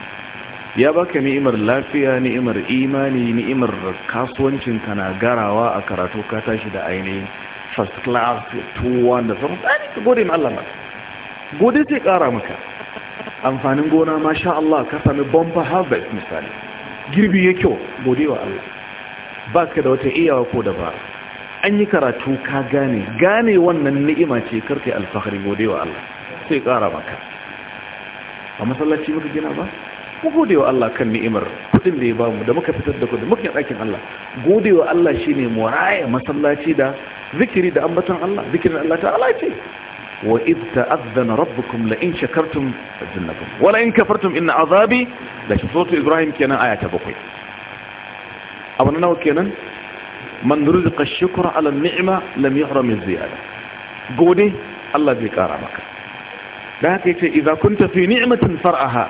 ya baka ni'imar lafiya ni'imar imani ni'imar kasuwancin kana garawa a karatu ka tashi da ainihin first class to one da sauransu ka gode min Allah ma gode sai ƙara maka amfanin gona masha Allah ka sami bumper harvest misali girbi ya kyau gode wa Allah ba ka da wata iyawa ko dabara an yi karatu ka gane gane wannan ni'ima ce karka yi alfahari gode wa Allah sai ƙara maka a masallaci muka gina ba mu gode wa Allah kan ni'imar kudin da ya bamu da muka fitar da kudin muka yi ɗakin Allah gode wa Allah shi ne raya masallaci da zikiri da ambatan Allah zikirin Allah ta Allah ce wa id ta'adhana rabbukum la in shakartum lazidannakum wa in kafartum inna azabi la shafatu ibrahim kenan aya ta 7 abu nawa kenan من رزق الشكر على النعمة لم يحرم الزيادة قوله الله بكرمك لكن إذا كنت في نعمة فرأها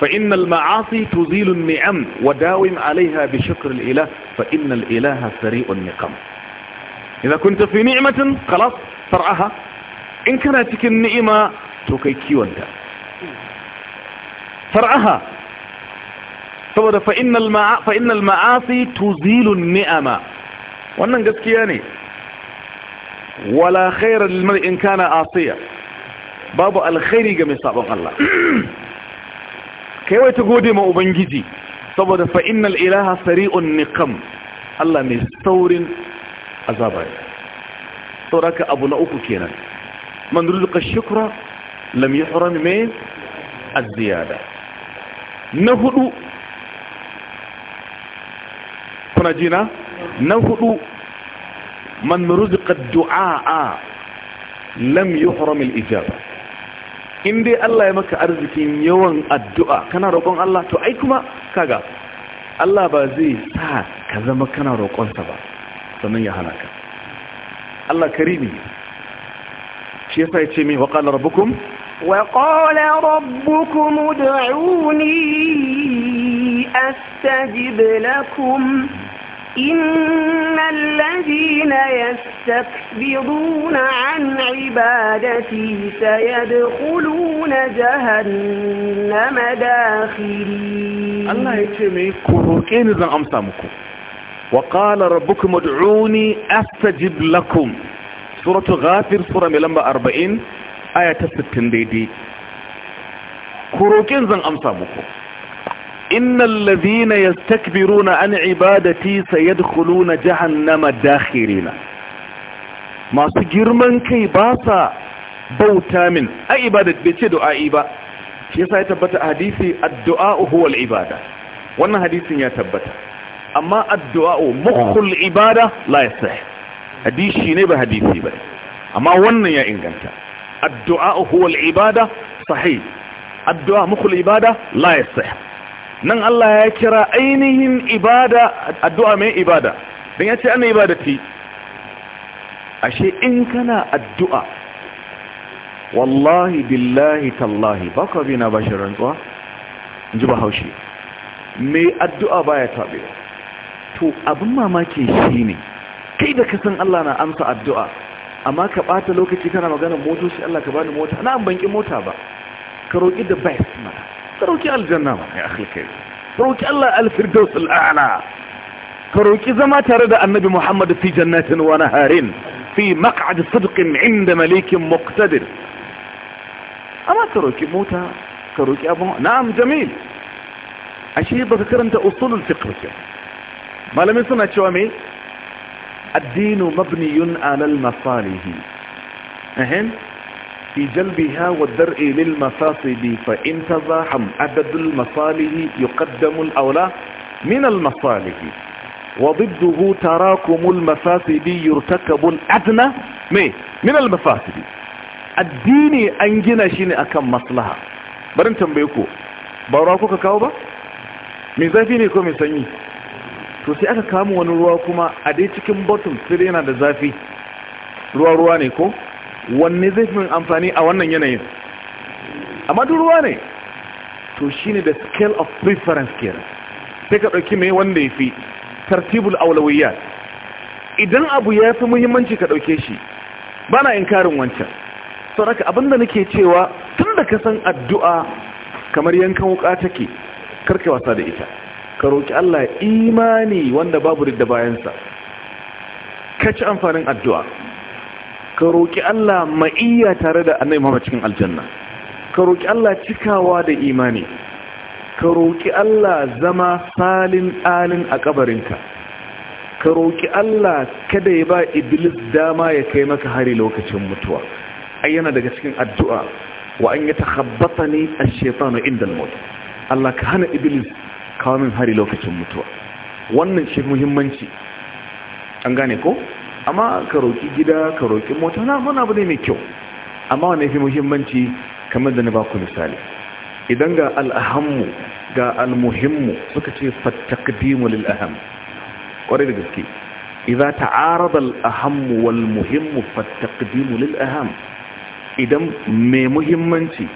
فإن المعاصي تزيل النعم وداوم عليها بشكر الإله فإن الإله سريء النقم إذا كنت في نعمة خلاص فرأها إن كانت النعمة تكيكي وانت فرأها فإن المعاصي تزيل النعم wannan gaskiya ne wala khairar lilmar in kana asiya babu alkhairi ga mai sabon Allah kai wai ta gode ma ubangiji saboda fa ilaha sari'un niqam Allah mai saurin azaba ne sauraka abu na uku kenan man rizqa shukra lam yuhram min az-ziyada na hudu kuna jina na hudu man ruzqa du'a lam yuhram al-ijaba in dai Allah ya maka arzikin yawan addu'a kana roƙon Allah to ai kuma kaga Allah ba zai sa ka zama kana roƙonsa ba sannan ya hana ka Allah karimi shi yasa ya ce mai waƙala rabbukum waƙala rabbukum ud'uni astajib lakum إن الذين يستكبرون عن عبادتي سيدخلون جهنم داخلين الله يتمي كروكين ذن أمسامكم وقال ربكم ادعوني أستجب لكم سورة غافر سورة ملمبة أربعين آية ستين ديدي كروكين ذن أمسامكم إن الذين يستكبرون عن عبادتي سيدخلون جهنم داخرين ما سجر من كي باسا بوتا من أي عبادة بيتي دعاء با شيسا يتبت حديثي الدعاء هو العبادة وانا حديثي يتبت أما الدعاء مخ العبادة لا يصح حديثي نبا حديثي بني أما وانا يا إنغانتا الدعاء هو العبادة صحيح الدعاء مخ العبادة لا يصح nan Allah ya kira ainihin ibada addu'a mai ibada Dan ya ce ana ibadati ashe in kana addu'a wallahi billahi tallahi ba ka bi na rantsuwa in ji ba haushi mai addu'a ba ya taɓe to abin mamaki shi ne kai da ka san Allah na amsa addu'a amma ka ɓata lokaci kana magana motoci Allah ka bani mota na bankin mota ba ka roƙi da best ma. تروكي الجنة يا أخي الكريم تروكي الله الفردوس الأعلى تروكي زما ترد النبي محمد في جنات ونهار في مقعد صدق عند مليك مقتدر أما تروكي موتى تروكي أبو نعم جميل أشياء بذكر أنت أصول الفقه ما لم يصنع شوامي الدين مبني على المصالح أهين في جلبها والدرء للمصاصب فإن تضاحم عدد المصالح يقدم الأولى من المصالح وضده تراكم المفاسد يرتكب الأدنى من المفاسد الديني أنجنا شين أكم مصلحة برن تنبيكو براكو ككاوبا من زافيني كومي سنيني توسي أكا كامو ونرواكما أديتك مبطن سرينا دزافي روا رواني كو wanne zai fi amfani a wannan yanayin amma ruwa ne to shi ne da scale of preference care sai ka ɗauki mai wanda ya fi tartibul aulawiyya idan abu ya fi muhimmanci ka ɗauke shi ba na karin wancan sau abin abinda nake cewa tun da ka san addu'a kamar yankan wuka take karka wasa da ita ka roƙi Allah imani wanda babu da bayansa ka ci amfanin addu'a ka roƙi Allah ma'iyya tare da annabi Muhammad cikin aljanna ka roƙi Allah cikawa da imani ka roƙi Allah zama salin alin a kabarinka ka roƙi Allah kada ya ba Iblis dama ya kai maka hari lokacin mutuwa ai yana daga cikin addu'a wa an ni ash-shaytanu inda al-maut Allah ka hana Iblis kawo min hari lokacin mutuwa wannan shi muhimmanci an gane ko amma ka roƙi gida ka roƙi mota na wani abu ne mai kyau amma wani fi muhimmanci kamar da na ba ku misali idan ga al'ahammu ga almuhimmu suka ce fattakdimu lil aham kwarai da gaske idan ta al al'ahammu wal muhimmu fattakdimu lil idan mai muhimmanci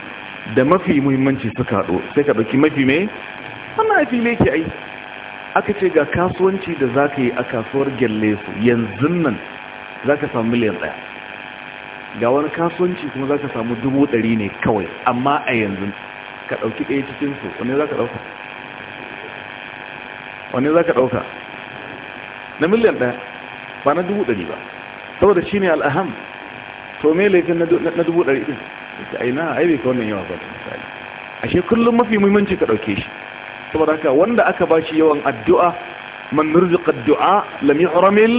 da mafi muhimmanci suka haɗo sai ka ɗauki mafi mai wannan haifi ne ke ai aka ce ga kasuwanci da za ka yi a kasuwar su yanzu nan za ka samu miliyan ɗaya ga wani kasuwanci kuma za ka samu dubu ɗari ne kawai amma a yanzu ka ɗauki ɗaya cikinsu wani za ka ɗauka wani za ka ɗauka na miliyan ɗaya ba na dubu ɗari ba saboda shi ne al'aham to me laifin na dubu ɗari ɗin ta aina a bai kawai wannan yawa ba ta misali ashe kullum mafi muhimmanci ka ɗauke shi saboda haka wanda aka shi yawan addu'a man nurziqa addu'a lam yuhramil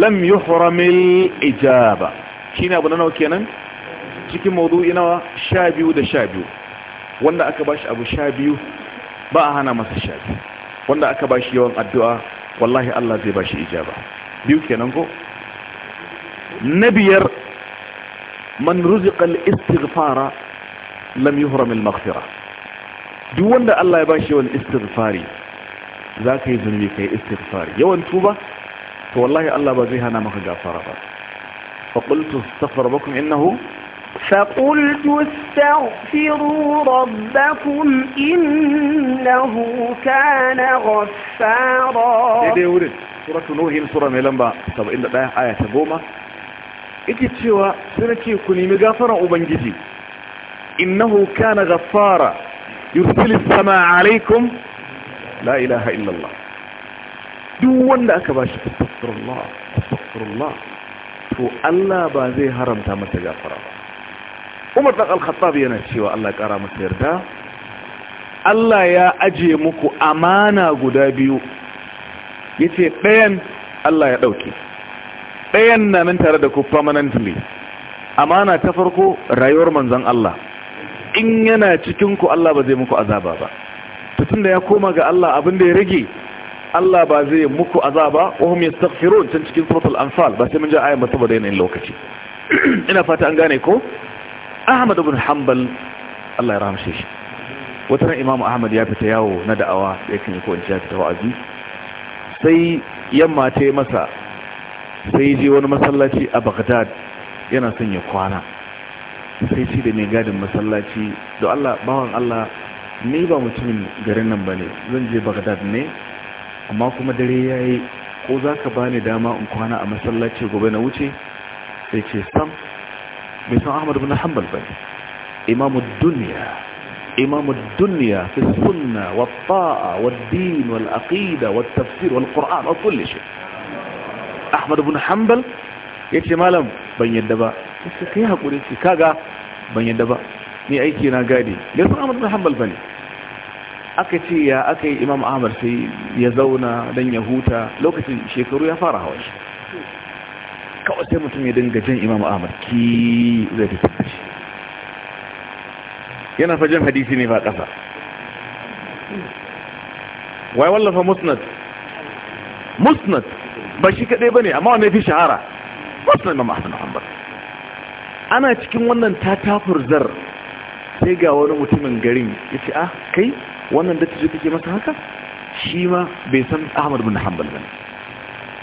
lam yuhramil ijaba shine abu nawa kenan cikin mawdu'i nawa 12 da 12 wanda aka ba shi abu 12 ba a hana masa 12 wanda aka ba shi yawan addu'a wallahi Allah zai ba shi ijaba biyu kenan ko nabiyar man ruziqa al-istighfara lam yuhram al-maghfirah duk wanda Allah ya ba shi yawan istighfari za ka yi zunubi ka yi istighfari yawan tuba to wallahi Allah ba zai hana maka gafara ba faƙultu safar bakun innahu فقلت استغفروا ربكم إنه كان غفارا دي ورد سورة نوح سورة ميلمبا سبع إلا داية آية تقوم إتي تشوى سنكي كني مغافرا أبنجدي إنه كان غفارا yursil sama alaikum la ilaha illallah duk wanda aka ba shi astaghfirullah astaghfirullah to Allah ba zai haramta mata gafara ba Umar bin Al-Khattab yana cewa Allah ya kara masa yarda Allah ya aje muku amana guda biyu yace ɗayan Allah ya dauke ɗayan na nan tare da ku permanently amana ta farko rayuwar manzon Allah in yana cikinku Allah ba zai muku azaba ba tun da ya koma ga Allah abin da ya rage Allah ba zai muku azaba wa hum yastaghfirun tun cikin suratul anfal ba sai mun ji ayatu ba saboda yanayin lokaci [clears throat] ina fata an gane ko Ahmad ibn Hanbal Allah ya rahmshe shi wata ran Imam Ahmad ya fita yawo na da'awa yakan yi ko ya fita wa'azi sai yamma ta yi masa sai je wani masallaci a Baghdad yana son ya kwana sai shi da mai gadin masallaci da Allah bawan Allah ni ba mutumin garin nan ba ne zan je Baghdad ne amma kuma dare ya yi ko za ka ba ni dama in kwana a masallaci gobe na wuce sai ce sam bai san Ahmad bin Hanbal ba ne imamu duniya imamu duniya fi sunna wa ta'a wa din wal aqida wa tafsir wal qur'an wa kulle shi. Ahmad bin Hanbal ce malam ban yadda ba sai kai hakuri shi kaga ban yadda ba ni aiki na gadi da sun amur da hambal bane aka ce ya aka yi imam ahmad sai ya zauna dan ya huta lokacin shekaru ya fara hawa shi kawai sai mutum ya dinga jan imam ahmad ki zai tafi shi yana fajen hadisi ne ba kasa wai wallafa musnad musnad ba shi kaɗai ba ne amma wani ya fi shahara musnad ma ahmad hanbal ana cikin wannan zar sai ga wani mutumin garin ya ce ah kai wannan da ta kake masa haka shi ma bai san ahmad bin hanbal ba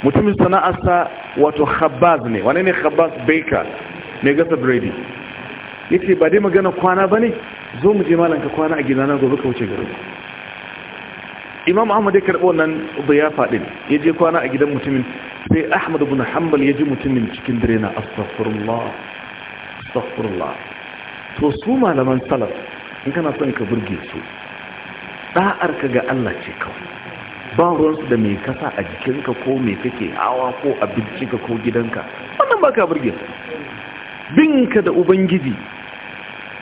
mutumin sana'arsa wato khabbaz ne wane ne khabbaz baker mai gasa biredi ya ce ba dai magana kwana ba ne zo mu je malanka kwana a gina na gobe ka wuce garin imam ahmad ya karɓo nan ya din ya je kwana a gidan mutumin sai ahmad bin hanbal ya ji mutumin cikin dare na astaghfirullah astaghfirullah to su malaman salaf in kana son ka burge su da'ar ka ga Allah ce kawai ba ruwansu da mai kasa a jikinka ko mai kake hawa ko ka ko gidanka wannan baka burge su binka da ubangiji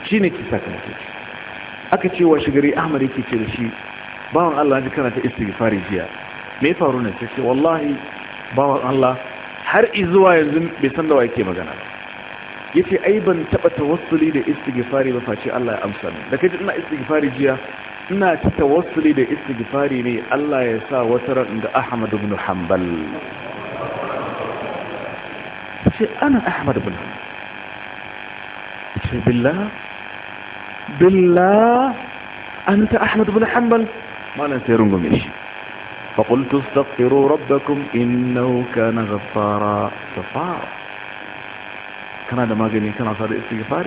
shine ne kisa kan aka ce wa shigari ahmad yake ce da shi bawan Allah ji kana ta istighfari jiya me faru ne sai wallahi bawan Allah har izuwa yanzu bai san da wa yake magana ba yace ai ban taba tawassuli da istighfari ba face Allah ya amsa ni da kaji ina istighfari jiya ina ta tawassuli da istighfari ne Allah ya sa wata ran da Ahmad ibn Hanbal sai ana Ahmad ibn Hanbal billah billah anta Ahmad ibn Hanbal malan sai rungume shi فقلت استغفروا ربكم إنه كان غفارا غفارا kana da magani kana sa da istighfar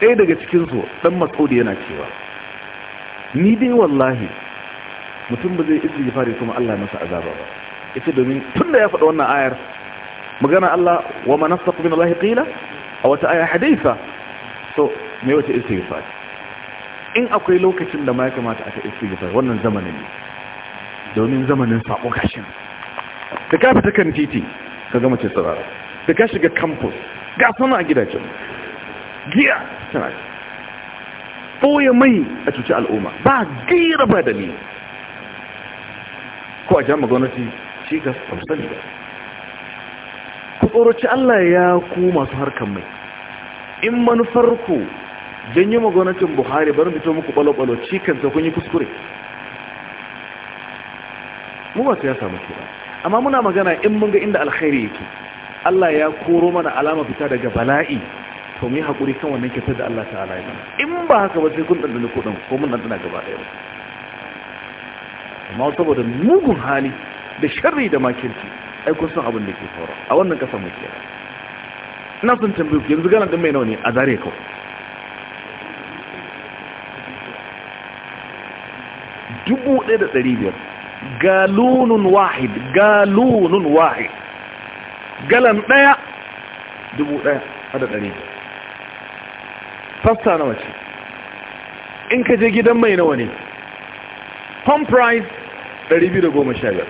ɗaya daga cikinsu ɗan matsodi yana cewa ni dai wallahi mutum ba zai istighfari kuma Allah masa azaba ba ita domin tun da ya faɗa wannan ayar magana Allah wa ma min Allah qila a wata aya hadisa so me wace istighfar in akwai lokacin da ma ya kamata aka istighfar wannan zamanin ne domin zamanin sabo gashin da kafa ta kan titi ka gama ce tsara da ka shiga campus ga sana a gidajen giya tana ɓoye mai a cuci al'umma ba gira ba da ni ko a jami'a gwamnati shi ga samsani ba ku tsoroci allah ya ku masu harkar mai in manufarku janyi magwamnatin buhari bari fito muku ɓalo-ɓalo cikin kun yi kuskure mu ba su ya samu kira amma muna magana in mun ga inda alkhairi yake Allah ya koro mana alama fita daga bala'i to mu yi haƙuri kan wannan kyautar da Allah ta'ala ya in ba haka ba sai kun ɗanɗana kuɗin ko mun dandana gaba ɗaya ba amma saboda mugun hali da sharri da makirci ai kun san abin da ke faruwa a wannan ƙasar mu ke ina son tambayi yanzu gana ɗin mai nawa ne a zare kawai dubu ɗaya da ɗari biyar galunun wahid galunun wahid galan ɗaya dubu ɗaya a da ɗari fasta nawa ce in ka je gidan mai nawa ne home price ɗari biyu da goma sha biyar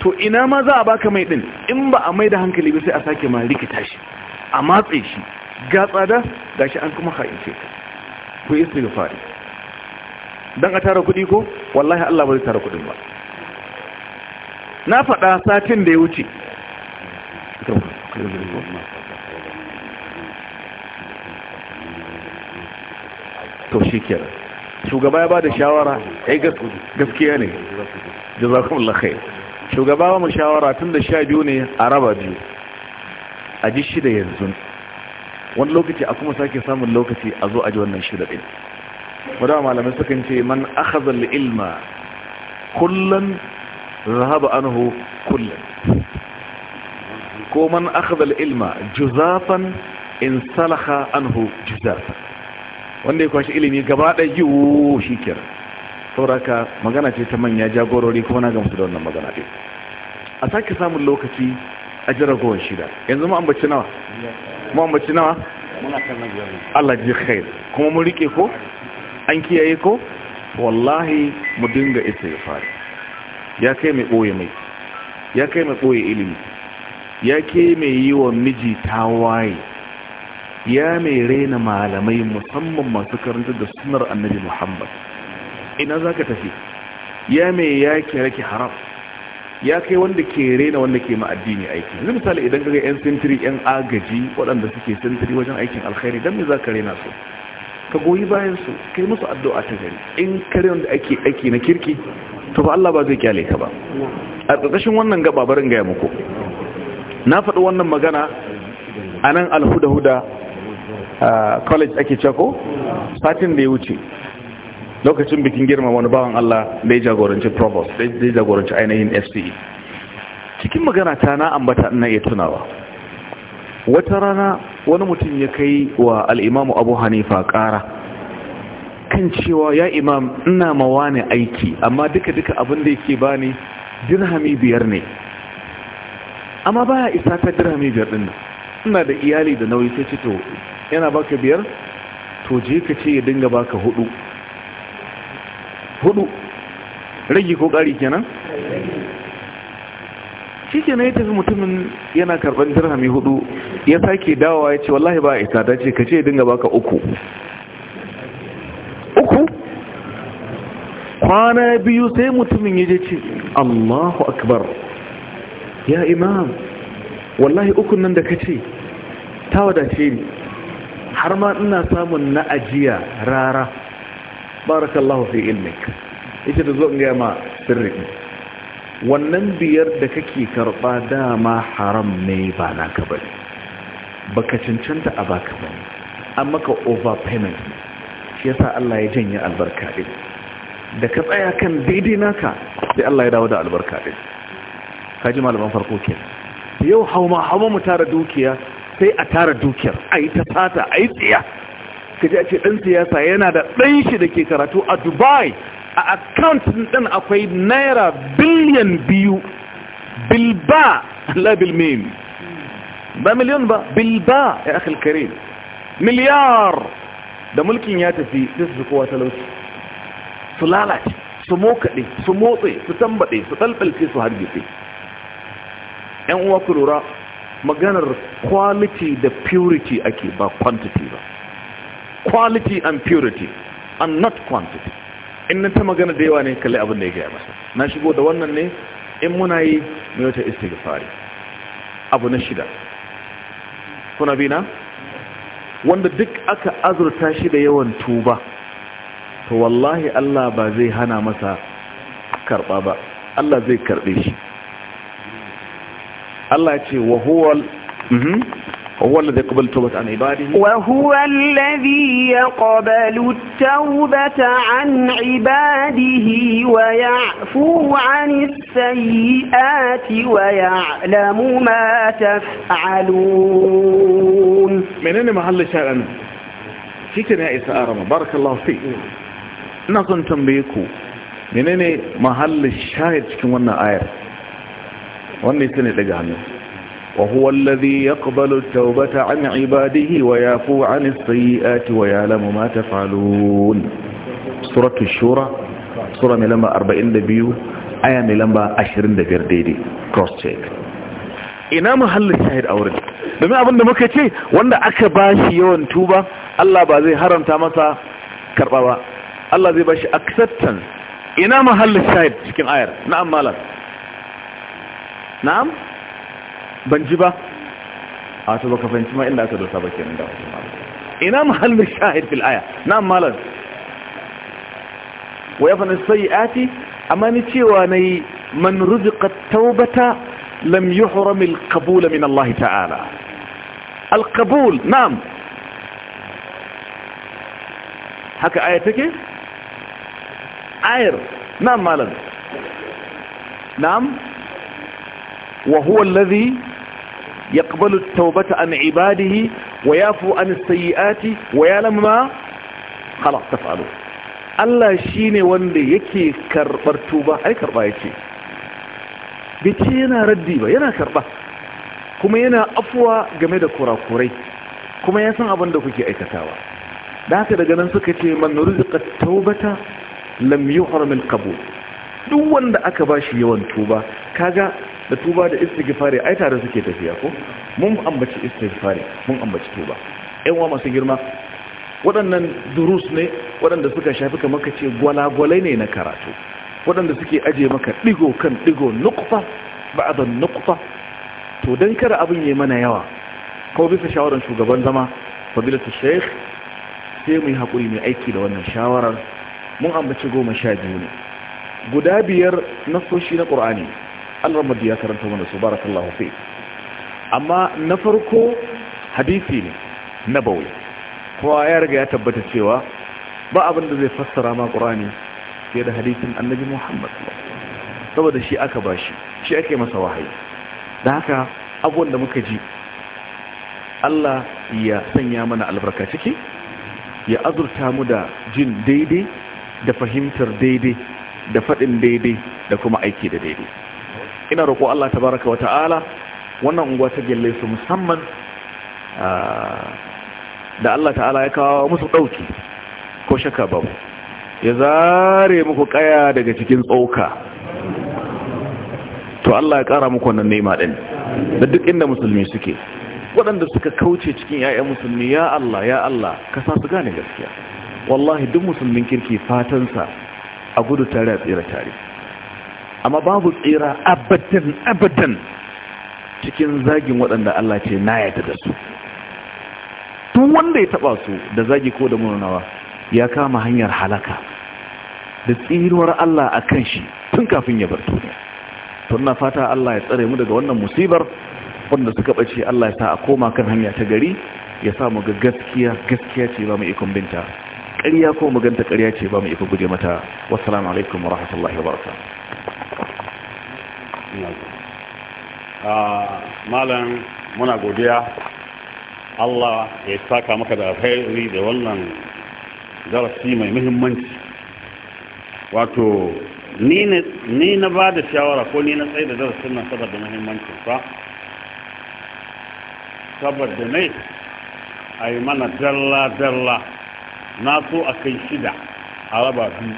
to ina ma za a baka mai ɗin in ba a mai da hankali ba sai a sake ma rikita shi a matse shi ga tsada ga shi an kuma ha'ince ka ku yi su fari. Don a tara kuɗi ko wallahi Allah ba zai tara kuɗin ba na faɗa satin da ya wuce to shi kira shugaba ya ba da shawara ya eh, gaskiya ne Da jazakumullah khair shugaba ba mu shawara tun da sha biyu ne a raba biyu a ji shida yanzu wani lokaci a kuma sake samun lokaci a zo a ji wannan shida ɗin wadda malamai sukan ce man zalli ilma kullum Rahaba anhu kullum Koman man ilma juzafan in anhu wanda ya kwashi ilimi gaba da yiwu shikenan sauraka magana ce ta manya jagorori kuma na gamsu da wannan magana din a sake samun lokaci a jiragowar shida yanzu mu ambaci nawa mu ambaci nawa Allah ji khair kuma mun rike ko an kiyaye ko wallahi mu dinga ita ya fari ya kai mai ɓoye mai ya kai mai ɓoye ilimi ya ke mai yi wa miji tawaye ya mai raina malamai musamman masu karanta da sunar annabi muhammad ina za ka tafi ya mai ya ke rake haram ya kai wanda ke raina wanda ke ma'addini aiki yanzu misali idan kaga yan sintiri yan agaji waɗanda suke sintiri wajen aikin alkhairi don me za ka raina su ka goyi bayansu kai musu addu'a ta gari in kare wanda ake aiki na kirki to ba Allah ba zai kyale ka ba a ƙarƙashin wannan gaba barin gaya muku na faɗi wannan magana a nan alhuda-huda college ake cako satin da ya wuce lokacin bikin girma wani bawan Allah da ya jagoranci provost da ya jagoranci ainihin fce cikin magana ta na ambata ina iya tunawa wata rana wani mutum ya kai wa al'imamu abu hanifa ƙara kan cewa ya imam ina mawa ne aiki amma duka-duka abin da yake bani dirhami biyar ne amma baya isa ta dirhami biyar din ina da iyali da nauyi sai ce to yana baka biyar to je ka ce ya dinga baka hudu hudu rage ko ƙari kenan shi ke na ya tafi mutumin yana karɓar dirhami hudu ya sake dawowa ya ce wallahi ba a isa ta ce ka ce dinga baka uku uku kwana biyu sai mutumin ya je ce allahu akbar ya imam wallahi uku nan da ka ce ta wadace ni har ma ina samun na ajiya rara barakallahu fi ilmik ita da zo in gaya ma sirri wannan biyar da kake karɓa dama haram ne ba na ka ba baka cancanta a baka ne an maka overpayment shi yasa Allah ya janye albarka ɗin, da ka tsaya kan daidai naka sai Allah ya dawo da albarka ɗin, ka ji malaman farko ke yau hauma mu tara dukiya sai a tara dukiyar a yi ta sata a yi tsiya kaji a ce ɗan siyasa yana da ɗan shi da ke karatu a dubai a account din akwai naira biliyan biyu bilba la bilmin ba miliyon ba bilba ya akil karim miliyar da mulkin ya tafi sai su kowa talauci su lalace su mokaɗe su motse, su tambaɗe su ɗalɓalce su hargitse ‘yan uwa ku lura maganar quality da purity ake ba quantity ba quality and purity and not quantity in na ta magana da yawa ne kalli abin da ya gaya masa na shigo da wannan ne in muna yi mai wata istighfari abu na shida kuna bina wanda duk aka azurta shi da yawan tuba to wallahi Allah ba zai hana masa karba ba Allah zai karbe shi Allah ce wa huwal mhm. هو الذي يقبل التوبة عن عباده وهو الذي يقبل التوبة عن عباده ويعفو عن السيئات ويعلم ما تفعلون من أين محل شاء أنا يا كنائي رمى بارك الله فيك نظن تنبيكو من أين محل الشاهد شكرا أنا آير وانا سنة لقى عنه وهو الذي يقبل التوبة عن عباده ويعفو عن السيئات ويعلم ما تفعلون سورة الشورى سورة ملما 42 آية ملما 25 ديدي cross check ina muhallin shahid a wurin domin abinda muka ce wanda aka bashi yawan tuba Allah ba zai haramta masa karɓa ba Allah zai ba shi acceptance ina muhallin cikin ayar na'am malam na'am ban ji ba a to baka fanci ma inda aka dosa ba kenan da ina malam ina mahallin shahid fil aya na malan wa yafna sayyiati amma ni cewa nayi man ruziqa tawbata lam yuhram al qabul min Allah ta'ala al qabul na'am haka aya take ayar na'am malan na'am وهو الذي يقبل التوبة عن عباده ويعفو عن السيئات ويعلم ما خلاص تفعله Allah shi ne wanda yake karɓar tuba ai karɓa ya ce bai ce yana raddi ba yana karɓa kuma yana afuwa game da kurakurai kuma ya san abin da kuke aikatawa da haka daga nan suka ce man rizqa taubata lam yuhram al duk wanda aka bashi yawan tuba ka ga? da tuba da istighfari ai tare suke tafiya ko mun ambaci istighfari mun ambaci tuba ɗan wa masu girma waɗannan durus ne waɗanda suka shafi kamar ka ce gwalagwalai ne na karatu waɗanda suke aje maka ɗigo kan ɗigo nukfa don nukfa to don kada abin yi mana yawa ko bisa shawarar shugaban zama fadilatu sheikh sai mu yi haƙuri mai aiki da wannan shawarar mun ambaci goma sha biyu ne guda biyar nasoshi na ƙur'ani al-ramadi ya karanta mana su barakallahu fi amma na farko hadisi ne na bawai kowa ya riga ya tabbata cewa ba abin da zai fassara ma qur'ani sai da hadisin annabi muhammad saboda shi aka bashi shi ake masa wahayi da haka abun da muka ji Allah ya sanya mana albarka ciki ya azurta mu da jin daidai da fahimtar daidai da faɗin daidai da kuma aiki da daidai ina roƙo Allah tabaraka wa ta'ala wannan unguwa ta gelle su musamman ah, da Allah ta'ala ya kawo musu ɗauki ko shaka babu ya zare muku ƙaya daga cikin tsoka to Allah ya ƙara muku wannan nema ɗin da duk inda musulmi suke waɗanda suka kauce cikin 'ya'yan musulmi ya Allah ya Allah ka sa su gane gaskiya wallahi duk musulmin kirki fatansa a gudu tare a tsira tare amma babu tsira abadan abadan cikin zagin waɗanda Allah ce na yadda da su tun wanda ya taɓa su da zagi ko da mununawa ya kama hanyar halaka da tsiruwar Allah a kan shi tun kafin ya bar duniya tun na fata Allah ya tsare mu daga wannan musibar wanda suka ɓace Allah ya sa a koma kan hanya ta gari ya sa mu ga gaskiya gaskiya ce ba mu ikon binta ƙarya ko mu ganta ƙarya ce ba mu ikon guje mata wassalamu alaikum wa rahmatullahi wa barakatuh Ah, malam muna godiya Allah ya saka maka da alheri da wannan darasi mai muhimmanci wato ni na ba da shawara ko ni na tsaye da darasin nan saboda muhimmancin sa saboda ne a mana dalla-dalla na so a kai shida a raba biyu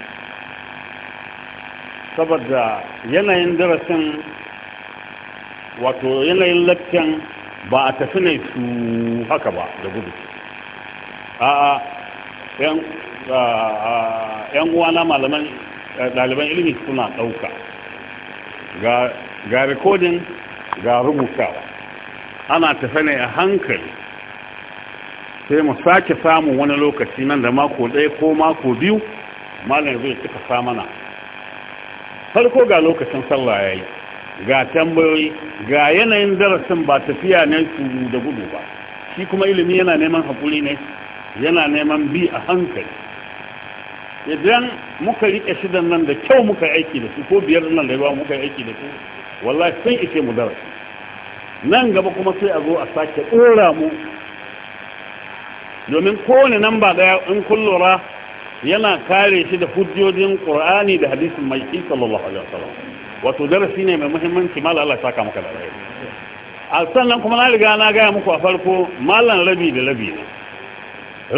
saboda yanayin darasin wato yanayin lakcin ba a tafi ne su haka ba da gudu a yan uwana malaman eh, ɗaliban ilimi suna ɗauka ga rikodin ga rubutawa ana tafi ne a hankali sai mu sake samun wani lokaci nan da mako ɗaya ko mako biyu malam zai cika samana farko ga lokacin sallah ya yi ga tambayoyi ga yanayin darasin ba tafiya ne su da gudu ba shi kuma ilimi yana neman haƙuri ne yana neman bi a hankali idan muka riƙe shidan nan da kyau muka aiki da su ko biyar nan da yawa muka aiki da su wallahi sun ishe mu darasi nan gaba kuma sai a zo a sake ɗora mu domin kowane nan ba ɗaya in kun yana kare shi da hujjojin qur'ani da hadisin mai sallallahu alaihi wasallam wato darasi ne mai muhimmanci mallan Allah saka maka da rai a sannan kuma na riga na gaya muku a farko mallan rabi da rabi ne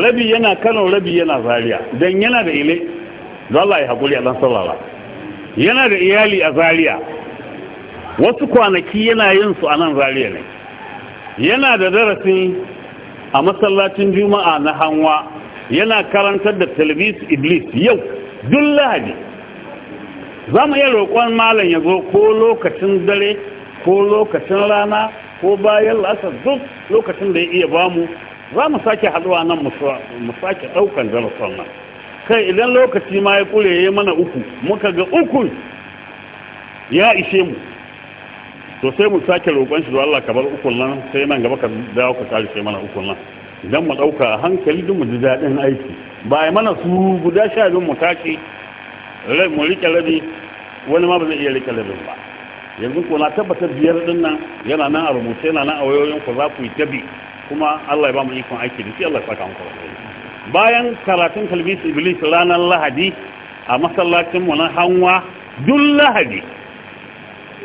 rabi yana kano rabi yana zaria dan yana da ile da Allah ya hakuri Allah sallallahu yana da iyali a zaria wasu kwanaki yana yin su a nan zaria ne yana da darasi a masallacin juma'a na hanwa yana karantar da talbis iblis yau duk lahadi za mu iya roƙon malam ya zo ko lokacin dare ko lokacin rana ko bayan lasa duk lokacin da ya iya bamu za mu sake haɗuwa nan mu sake ɗaukan darasin nan kai idan lokaci ma ya ƙure ya mana uku muka ga ukun ya ishe mu to sai mu sake roƙon shi da Allah ka bar ukun nan sai nan gaba ka dawo ka kare mana ukun nan don mu ɗauka a hankali duk mu ji daɗin aiki ba ya mana su guda sha biyun mu tashi mu riƙe rabi wani ma ba zai iya riƙe rabin ba yanzu ko na tabbatar biyar ɗin nan yana nan a rubuce yana nan a wayoyin ku za ku yi tabi kuma Allah ya ba mu ikon aiki da shi Allah ya saka muku bayan karatun talbis iblis ranar lahadi a masallacin mu na hanwa duk lahadi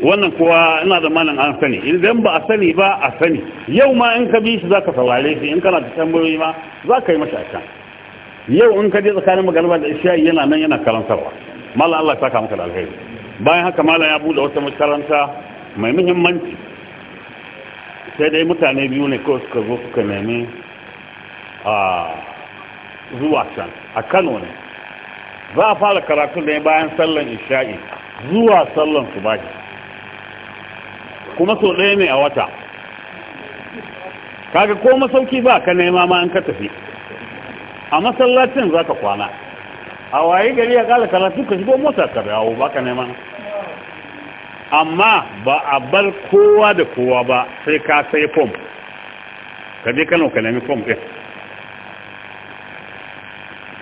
wannan kuwa ina da malin an sani idan ba a sani ba a sani yau ma in ka bi shi zaka saurare shi in kana da tambayoyi ma za ka yi masa a can yau in ka je tsakanin magarba da isha yana nan yana karantarwa malam Allah ya saka maka da alheri bayan haka malam ya bude wata makaranta mai muhimmanci sai dai mutane biyu ne ko suka zo suka nemi a zuwa can a Kano ne za a fara karatu ne bayan sallan isha'i zuwa sallan subahi kuma so ɗaya ne a wata kaga ko masauki ba ka nema ma an ka tafi a masallacin za ka kwana a waye gari ya kala karatu ka shigo mota ka dawo ba ka nema amma ba a bar kowa da kowa ba sai ka sai fom ka je kano ka nemi fom ɗin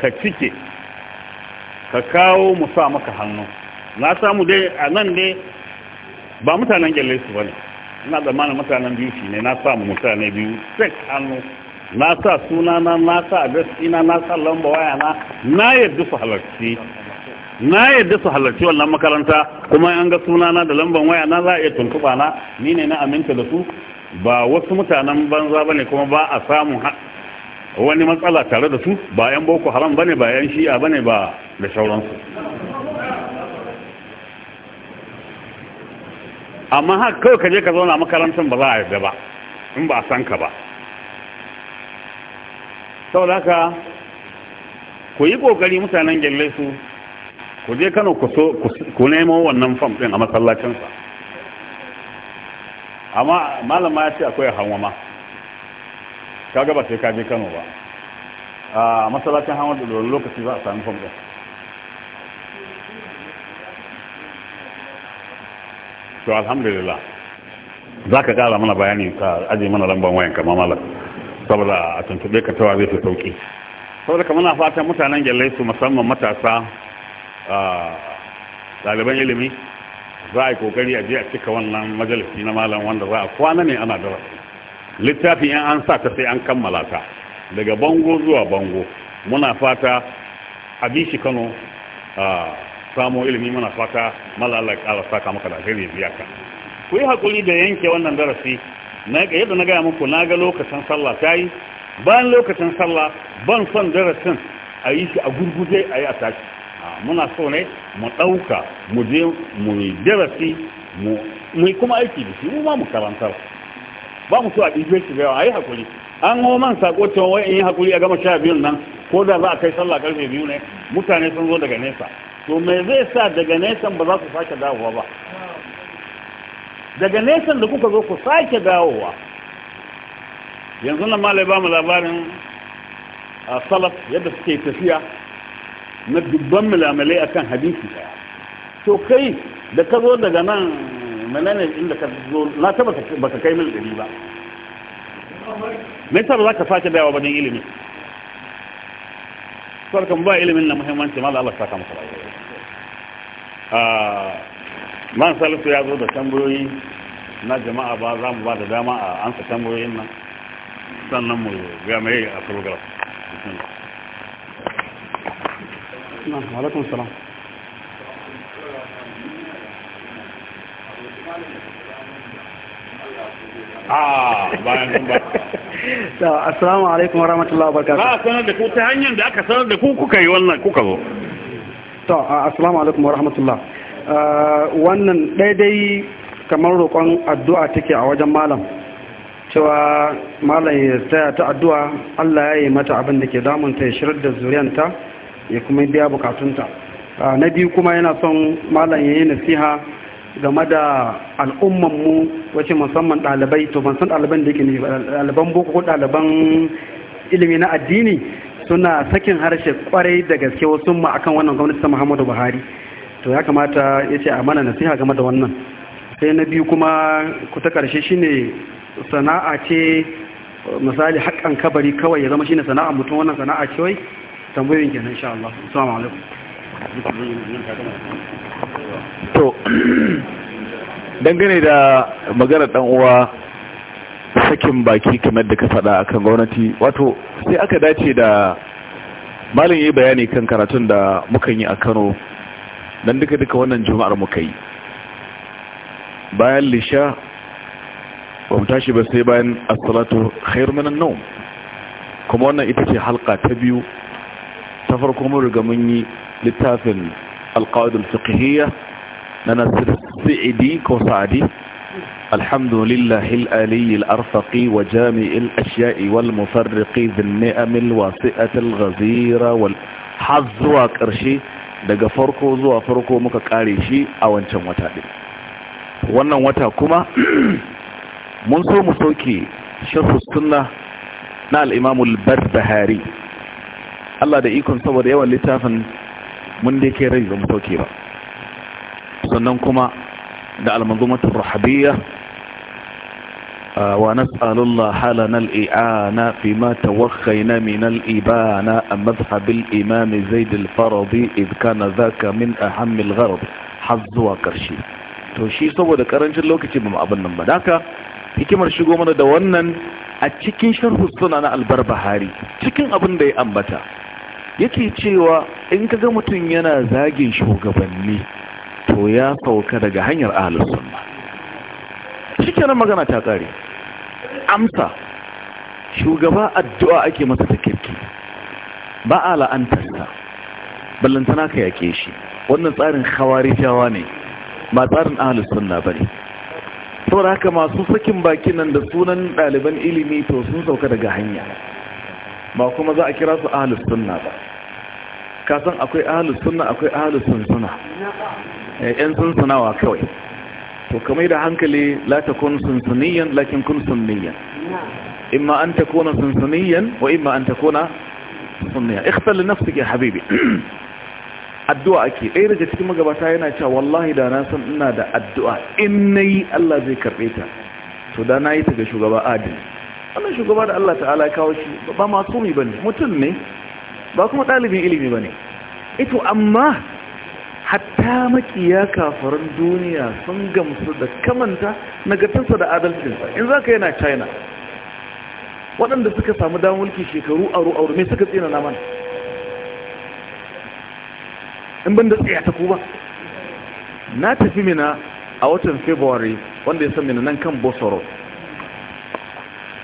ka cike ka kawo mu sa maka hannu na samu dai a nan dai ba mutanen gyalle su bane ina zamanin mutanen biyu shi ne na sa mutane biyu sek hannu na sa suna na na sa adres ina na sa lamba waya na na yadda su halarci na yadda su halarci wannan makaranta kuma an ga suna na da lamban waya na za a iya tuntuba na ni ne na aminta da su ba wasu mutanen banza bane kuma ba a samu wani matsala tare da su ba yan boko haram bane ba yan shi'a bane ba da sauransu amma haka kawai ka je ka zauna makarantar ba za a yarda ba in ba a san ka ba saboda haka ku yi kokari mutanen gyalle su ku je kano ku nemo wannan fam din a masallacinsa amma malama ya ce akwai hanwama ka gaba sai ka je kano ba a masallacin hawa da lokaci za a sami fam din to alhamdulillah za ka kara mana bayani ka aje mana lambar wayan kama malam saboda a tuntube ka tawa zai fi sauki saboda kamar na fatan mutanen gyallai su musamman matasa ɗaliban ilimi za a yi kokari a je a cika wannan majalisi na malam wanda za a kwana ne ana da littafin yan an sa ta sai an kammala ta daga bango zuwa bango muna fata a bishi kano samu ilimi muna fata mala Allah ya saka maka da alheri ya biya ka ku yi hakuri da yanke wannan darasi na yadda na gaya muku na ga lokacin sallah ta yi bayan lokacin sallah ban son darasin a yi shi a gurguje a yi a tashi muna so ne mu ɗauka mu je mu yi darasi mu kuma aiki da shi mu ma mu karantar ba mu so a ɗibe shi da yawa a yi hakuri an ho man sako cewa wai in yi hakuri a gama sha biyun nan ko da za a kai sallah karfe biyu ne mutane sun zo daga nesa to me zai sa daga nesan ba za ku sake dawowa ba daga nesan da kuka zo ku sake dawowa yanzu na malai ba mu labarin a salaf yadda suke tafiya na dubban mulamalai akan hadisi to kai da ka zo daga nan menene inda ka zo na ba baka kai mil ɗari ba me yasa ba za ka sake dawowa ba don ilimin sarkan ba ilimin na muhimmanci mala Allah ta masa rayuwa Ah, man salisu ya zo da tambayoyi na jama'a ba za mu ba da dama a ansa tambayoyin nan sannan mu ga mai a program ah, [laughs] Assalamu alaikum wa rahmatullahi wa barakatuh. Ba sanar da ku ta hanyar da aka sanar da ku kuka yi wannan kuka zo. to assalamu alaikum wa rahmatullah wannan daidai kamar roƙon addu'a take a wajen malam cewa malam ya tsaya ta addu'a Allah ya yi mata abin da ke damunta ya shirar da zuriyanta ya kuma biya bukatunta na biyu kuma yana son malam ya yi nasiha game da al'ummanmu wace musamman ɗalibai to ban san ɗaliban da yake ne ɗaliban boko ko ɗaliban ilimi na addini suna sakin harshe kwarai da gaske wasu ma akan wannan gwamnati ta Muhammadu Buhari to ya kamata ya ce a mana nasiha game da wannan sai na biyu kuma ta karshe shine sana'a ce misali haƙƙan kabari kawai ya zama shine sana'a mutum wannan sana'a ce wai tambayoyin kenan insha Allah assalamu alaikum to [clears throat] dangane da maganar dan uwa sakin baki kamar da ka faɗa akan gwamnati wato sai aka dace da malin yi bayani kan karatun da muka yi a Kano don duka duka wannan juma'ar muka yi bayan lisha ba mu tashi ba sai bayan asalatu salatu khairu minan nau kuma wannan ita ce halka ta biyu ta farko mun riga mun yi littafin al-qawaid na Nasir Sa'idi ko Sa'adi الحمد لله الآلي الأرفق وجامع الأشياء والمفرق ذي النئم الواسئة الغزيرة والحظ وقرشي daga farko zuwa farko muka kare shi a wancan wata ɗin wannan wata kuma [clears throat] mun so mu soke sharhu na al-imam al Allah da ikon saboda yawan littafin mun da yake rai ba mu soke ba sannan kuma da al-manzumatul rahabiyya ونسأل الله حالنا الإعانة a توخينا من الإبانة مذهب الإمام زيد الفرضي إذ كان ذاك من أهم الغرض حظ وكرشي to shi saboda karancin lokaci ba abin nan ba haka hikimar shigo mana da wannan a cikin sharhu suna na albarbahari cikin abin da ya ambata yake cewa in ka ga mutum yana zagin shugabanni to ya sauka daga hanyar ahlus sunna shikenan magana ta kare amsa shugaba addu'a ake masa ta kirki ba a la'antarsa ballantana ka yake shi wannan tsarin khawarijawa ne ba tsarin ba ne. Sau da haka masu sakin baki nan da sunan ɗaliban ilimi to sun sauka daga hanya ba kuma za a kira su ahlus sunna ba kasan akwai ahlus na akwai ahlus suna yan eh, sunawa kawai to kamar da hankali la takun sunsuniyan lakin kun sunniyan imma an takuna sunsuniyan wa imma an takuna sunniyan ikhtar li nafsika ya habibi [clears throat] addu'a ake ɗaya daga cikin magabata yana cewa wallahi da na san ina da addu'a in nayi Allah zai karɓe ta to da na yi ta ga shugaba adil wannan shugaba da Allah ta'ala ya kawo shi ba ba bane mutum ne ba kuma ɗalibin ilimi bane ito amma hatta makiya kafaran duniya sun gamsu da kamanta nagartarsa da adalcinsa in za ka yana china waɗanda suka samu damar mulki shekaru a aro mai suka tsina na mana in ban da tsaya ta kuba na tafi mina a watan february wanda ya san nan kan bosoro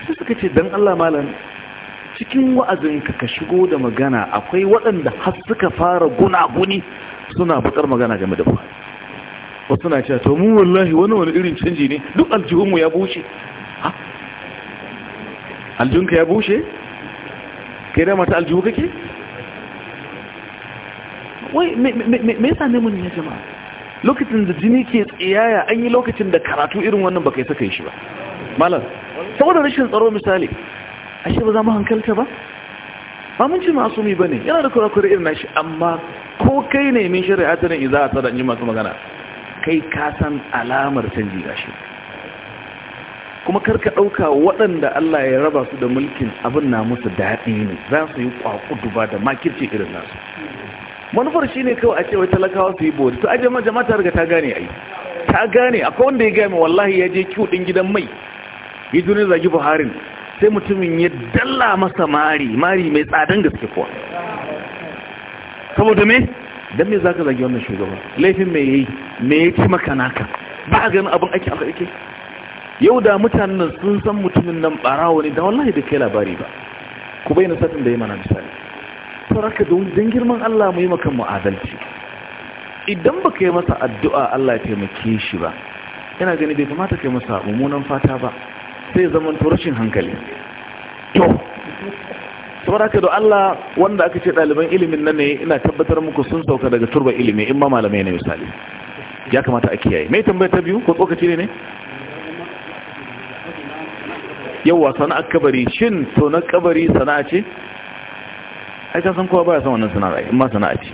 su suka ce don allah malam cikin wa'azinka ka shigo da magana akwai waɗanda har suka fara guna-guni suna fitar magana game da buhari wasu suna cewa to mu wallahi wani wani irin canji ne duk aljihunmu ya bushe aljihunka ya bushe kai da mata aljihu kake wai me yasa ne mun ya jama'a lokacin da jini ke tsiyaya an yi lokacin da karatu irin wannan baka yi saka shi ba malam saboda rashin tsaro misali ashe ba za mu hankalta ba ba mun ce masumi bane yana da kura-kura irin nashi amma ko kai ne min shari'a ta ne za a tsada masu magana kai kasan alamar canji gashi kuma karka ɗauka waɗanda Allah ya raba su da mulkin abin na musu daɗi ne za su yi ƙwaƙu duba da makirci irin nasu manufar shi ne kawai a cewa talakawa su yi bori to ajiyar majama ta riga ta gane ai ta gane akwai wanda ya gami wallahi ya je kiwo gidan mai ya duniya zagi buharin sai mutumin ya dalla masa mari mari mai tsadan gaske kuwa saboda me dan me zaka zagi wannan shugaban laifin me yayi me ya ci maka naka ba a ganin abin ake aka yake yau da mutanen nan sun san mutumin nan barawo ne da wallahi da kai labari ba ku bayyana satin da ya mana misali saraka don dan girman Allah mu yi maka mu'adalci idan baka yi masa addu'a Allah ya taimake shi ba yana gani bai kamata yi masa mummunan fata ba sai zaman to rashin hankali saboda haka da Allah wanda aka ce ɗaliban ilimin nan ne ina tabbatar muku sun sauka daga turba ilimi in ma malamai ne misali ya kamata a kiyaye mai tambaya ta biyu ko tsokaci ne ne yawa sana'a kabari shin na kabari sana'a ce ai ka san kowa baya san wannan sana'a in ma sana'a ce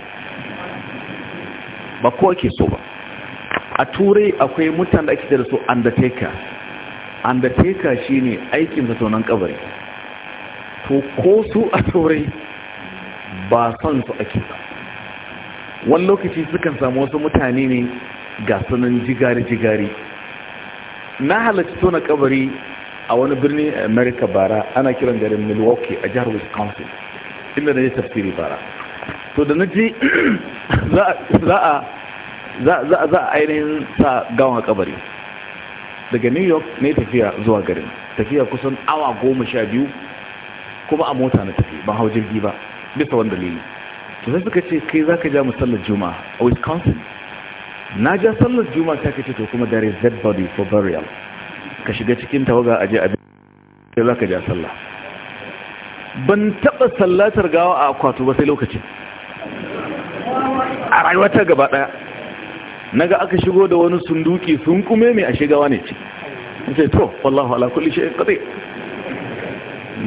ba kowa ke so ba a turai akwai mutane da ake da su undertaker undertaker shine aikin sa tonan kabari to ko su a turai ba son su ake ba wani lokaci sukan samu wasu mutane ne ga sunan jigari-jigari na halarci tona kabari a wani birnin america bara ana kiran garin milwaukee a jihar wisconsin inda na je tafsiri bara to da na je [clears throat] za a ainihin sa gawon kabari daga new york ne tafiya zuwa garin tafiya kusan awa goma sha biyu kuma a mota na tafi ban hau jirgi ba bisa wani dalili to sai suka ce kai za ka ja mu sallar juma'a a wisconsin na ja sallar juma'a ta kace to kuma there is dead body for burial ka shiga cikin tawaga aje a sai ka ja sallah ban taba sallatar gawa a akwato ba sai lokacin a rayuwata gaba daya ga aka shigo da wani sunduki sun kume mai a shigawa ne ce ce to wallahu ala kulli shay'in qadir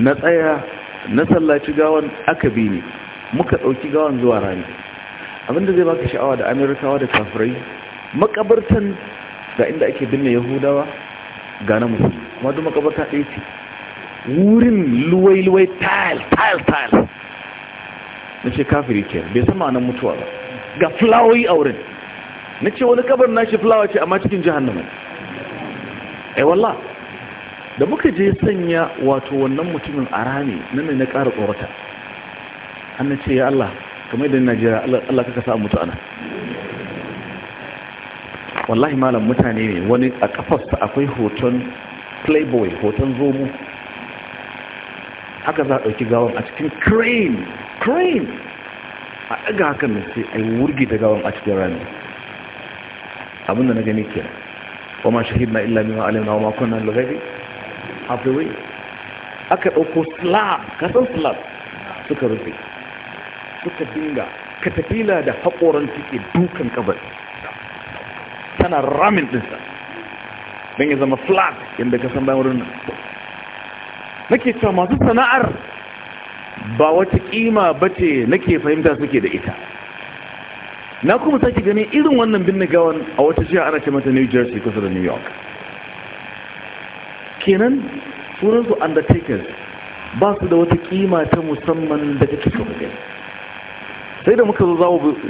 na tsaya na sallaci gawan aka bi ne muka ɗauki gawan zuwa rami abinda zai baka sha'awa da amerikawa da kafirai makabartan ga inda ake binne yahudawa ga na musulmi kuma duk makabarta ɗaya ce wurin luwai-luwai tile tile tile na ce kafiri ke bai san nan mutuwa ba ga fulawoyi a wurin na ce wani kabar nashi fulawa ce amma cikin jihannama ai eh, wallah da muka je sanya wato wannan mutumin a rami nan ne na ƙara tsorata an ce ya Allah kamar da Najeriya Allah kaka sa mutu ana wallahi malam mutane ne wani a kafarsa akwai hoton playboy hoton zomu haka za a ɗauki gawon a cikin crane crane a ɗaga hakan na sai a yi wurgi da gawon a cikin rami abinda na gani ke wa ma shahid na illa bima alimna wa ma kunna lughaibi of aka ɗauko slab kasan slab suka rufe suka dinga katafila da haƙoran suke dukan kabar tana ramin ɗinsa don ya zama slab yadda kasan bayan wurin nake cewa masu sana'ar ba wata ƙima ba ce nake fahimta suke da ita na kuma sake ganin irin wannan binne gawan a wata jiya ana ce mata new jersey kusa da new york kenan sunansu undertakers ba su da wata kima ta musamman da take so ka sai da muka zo za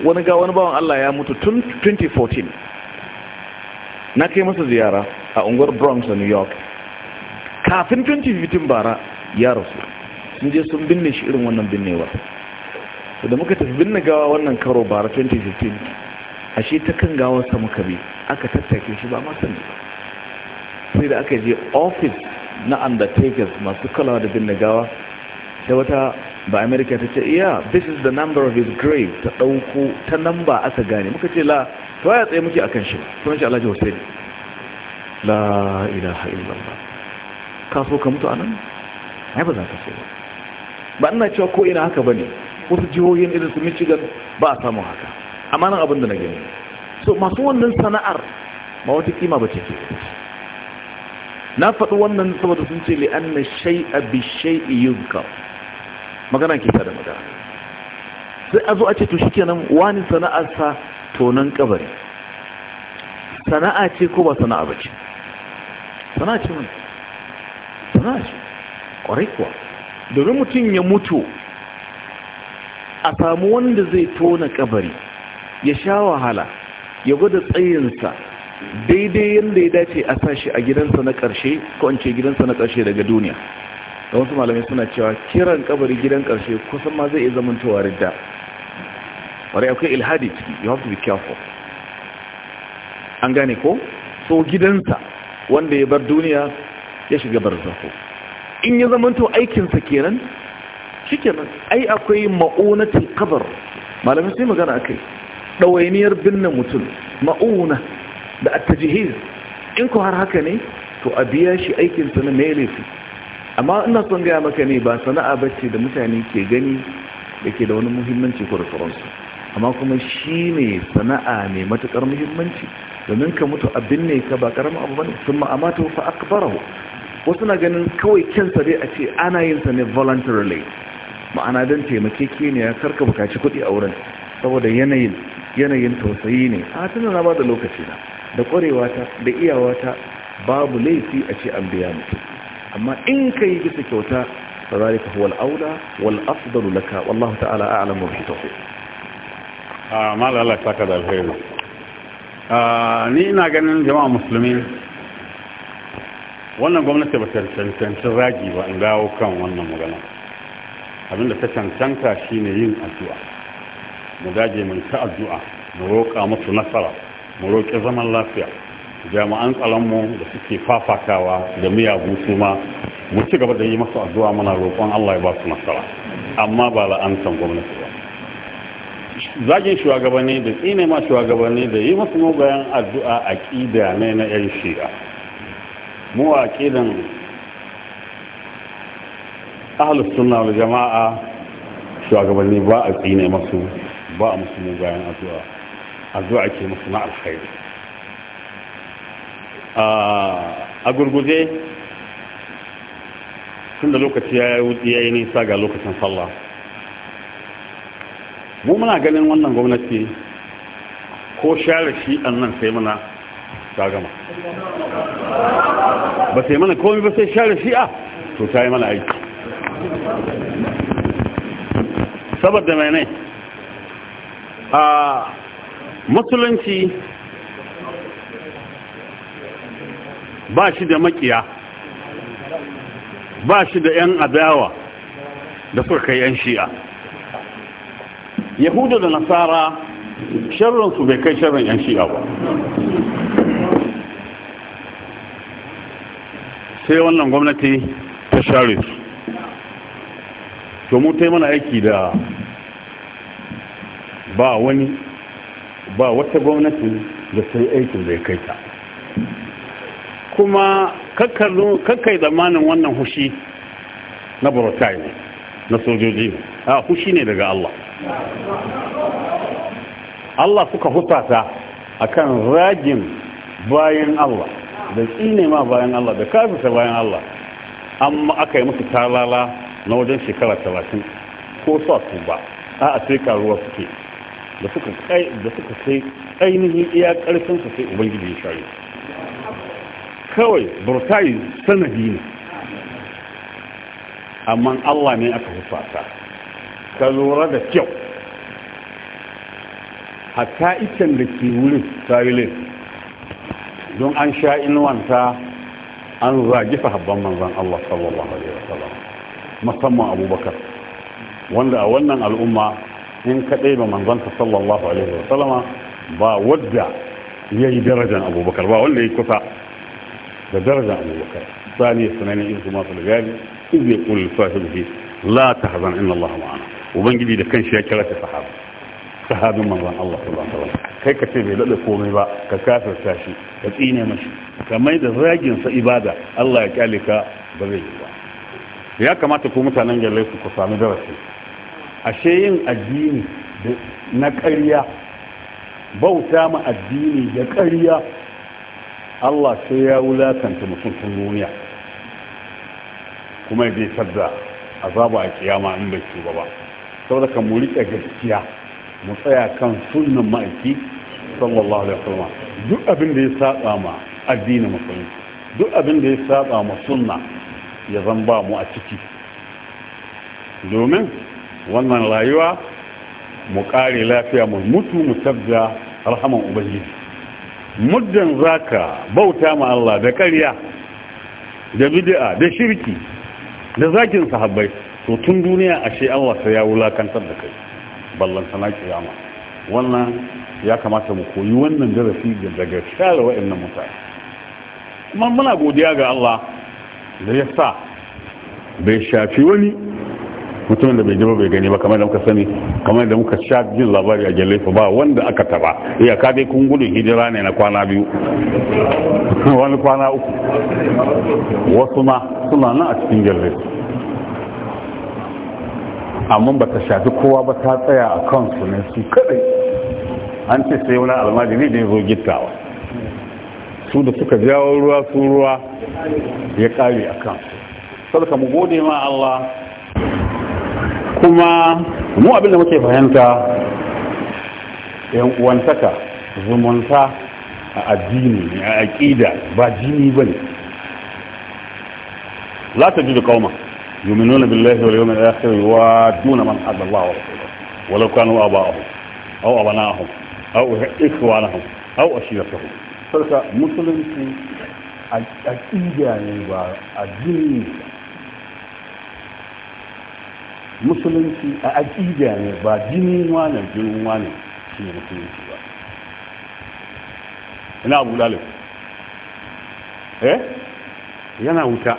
wani ga wani bawan Allah ya mutu tun 2014 na kai masa ziyara a unguwar Bronx a New York kafin 2015 bara ya rasu sun je sun binne shi irin wannan binnewar da muka tafi binne gawa wannan karo bara 2015 ashe ta kan gawarsa muka bi aka tattake shi ba ma sani ba sai da aka je ofis na undertakers masu kalawa da bin gawa da wata ba america ta ce iya this is the number of his grave ta ɗauko ta namba aka gane muka ce la to ya tsaye muke akan shi sunan shi alhaji hussein la ilaha illallah ka so ka mutu anan ai ba za ka so ba ba ina cewa ko ina haka bane wasu jihohin irin su michigan ba a samun haka amma nan abin da na gani so masu wannan sana'ar ba wata kima ba ce ke na faɗi wannan saboda sun ce li'anna shay'a bi shay'i ka. magana ke da magana sai a zo a ce to shikenan wani sana'arsa tonan kabari sana'a ce ko ba sana'a ba ce sana'a ce mun sana'a ce kwarai kuwa domin mutum ya mutu a samu wanda zai tona kabari ya sha wahala ya gwada tsayinsa daidai yadda ya dace a shi a gidansa na ƙarshe ko an ce gidansa na ƙarshe daga duniya da wasu malamai suna cewa kiran kabari gidan ƙarshe kusan ma zai iya zamantowa ridda wari akwai ilhadi ciki you have to be careful an gane ko so gidansa wanda ya bar duniya ya shiga zafo in ya zamanto aikinsa kenan kenan ai akwai ma'unatul kabar malamai sai magana akai Ɗawainiyar binne mutum ma'una da attajihiz in ku har haka ne to a biya shi aikinsa na melefi amma ina son gaya maka ne ba sana'a bace da mutane ke gani da ke da wani muhimmanci ko da amma kuma shi ne sana'a ne matuƙar muhimmanci domin ka mutu abin ne ka ba ƙaramin abu bane sun to fa akbarahu wasu na ganin kawai kyansa dai a ce ana yin sa ne voluntarily ma'ana don kar karka bukaci kuɗi a wurin saboda yanayin yanayin tausayi ne a tunan na ba da lokaci na da ƙwarewata da iyawata babu laifi a ce an biya mutum amma in ka yi bisa kyauta za ka huwa al-aula wal laka wallahu ta'ala a'lamu alamun tawfiq ah a malala saka da alheri ah, ni ina ganin jama'a musulmi wannan gwamnati ba ta cancanci ragi ba in dawo kan wannan magana abinda ta cancanta shi ne yin addu'a mu daje mun ta addu'a mu roƙa musu nasara mu roƙi zaman lafiya jami'an mu da suke fafakawa da miyagu su mu ci gaba da yi masu addu'a mana roƙon Allah ya ba su nasara amma ba la'antan gwamnati ba zagin shugabanni da tsine ma shugabanni da yi masu mugayen addu'a a ƙida ne na 'yan shi'a mu a ƙidan ahalus suna da jama'a shugabanni ba a tsine masu ba a musu mugayen addu'a addu'a ke musu na alkhairi a gurguje tun da lokaci ya yi nisa ga lokacin sallah mu muna ganin wannan gwamnati ko share shi nan sai muna ta gama ba sai mana komi ba sai share shi'a to ta yi mana aiki saboda mai ne a musulunci ba shi da makiya ba shi da 'yan adawa da suka 'yan shi'a yahudu da nasara sharrinsu bai kai sharrin 'yan shi'a ba sai wannan gwamnati ta share su to mu ta yi mana aiki da ba wani ba wata gwamnati da sai aikin bai kai ta kuma kakkai zamanin wannan hushi na burtai ne na sojoji a hushi ne daga Allah Allah suka hutata a kan ragin bayan Allah da tsine ma bayan Allah da kafisa bayan Allah amma aka yi musu talala na wajen shekara talatin ko sa su ba a a sai karuwa suke da suka kai da suka sai ainihin iya karfin su sai ubangiji ya share kawai burtai sanadi ne amma Allah ne aka hufata ka lura da kyau hatta itan da ke wurin sarilin don an sha inuwanta an zagi habban manzan Allah sallallahu alaihi wasallam musamman abubakar wanda a wannan al'umma من كتيبة من ظنك صلى الله عليه وسلم باودع يجي درجة أبو بكر باقول لي كفى درجة أبو بكر ثانية ثمانية إذ ما صلى قال إذ يقول لصاحبه لا تحزن إن الله معنا وبن جديد كان شيء كلا تفحاب صحاب من ظن الله صلى الله عليه وسلم كي كتيبة لا تقومي با ككافر ساشي كتيني مشي كما إذا راجن سإبادة الله يكالك بغير الله ya kamata ku mutanen gelle su ku sami ashe yin addini na ƙarya bauta ma addini da ƙarya Allah sai ya wulakanta mutuntun duniya kuma bai tadda azaba a kiyama in bai tuba ba saboda mu riƙe gaskiya mu tsaya kan sunnan ma'aiki sallallahu alaihi wasallam duk abin da ya saba ma addinin musulunci duk abin da ya saba ma sunna ya zan ba mu a ciki domin wannan rayuwa mu kare lafiya mu mutu mu tabda rahaman ubangiji muddin zaka bauta ma Allah da ƙarya da bid'a da shirki da zakin sahabbai to tun duniya ashe Allah sai ya wulakantar da kai ballan sana kiyama wannan ya kamata mu koyi wannan darasi daga share wa'annan mutane kuma muna godiya ga Allah da ya sa bai shafi wani mutumin da bai ji ba bai gani ba kamar da muka sani kamar da muka sha jin labari a gelle ba wanda aka taba ka dai kun gudun hijira ne na kwana biyu [laughs] wani kwana uku wasu ma suna nan a cikin gelle amma ba ta shafi kowa ba ta tsaya a kansu ne su kadai an ce sai wani almajiri da ya zo gittawa su da suka jawo ruwa su ruwa ya kare a kansu sadaka mu gode ma Allah kuma mu abin da muke fahimta yan uwantaka zumunta a addini a aƙida ba jini ba la ta ji yuminuna billahi wal yawmil akhir wa duna man hadda Allah wa rasulahu walau kanu aba'ahum aw abana'ahum aw ikhwanahum aw ashiratahum sarka musulunci aƙida ne ba addini musulunci a aƙida ne ba jinin wane jinin wane shi ne musulunci ba ina abu dalib eh yana wuta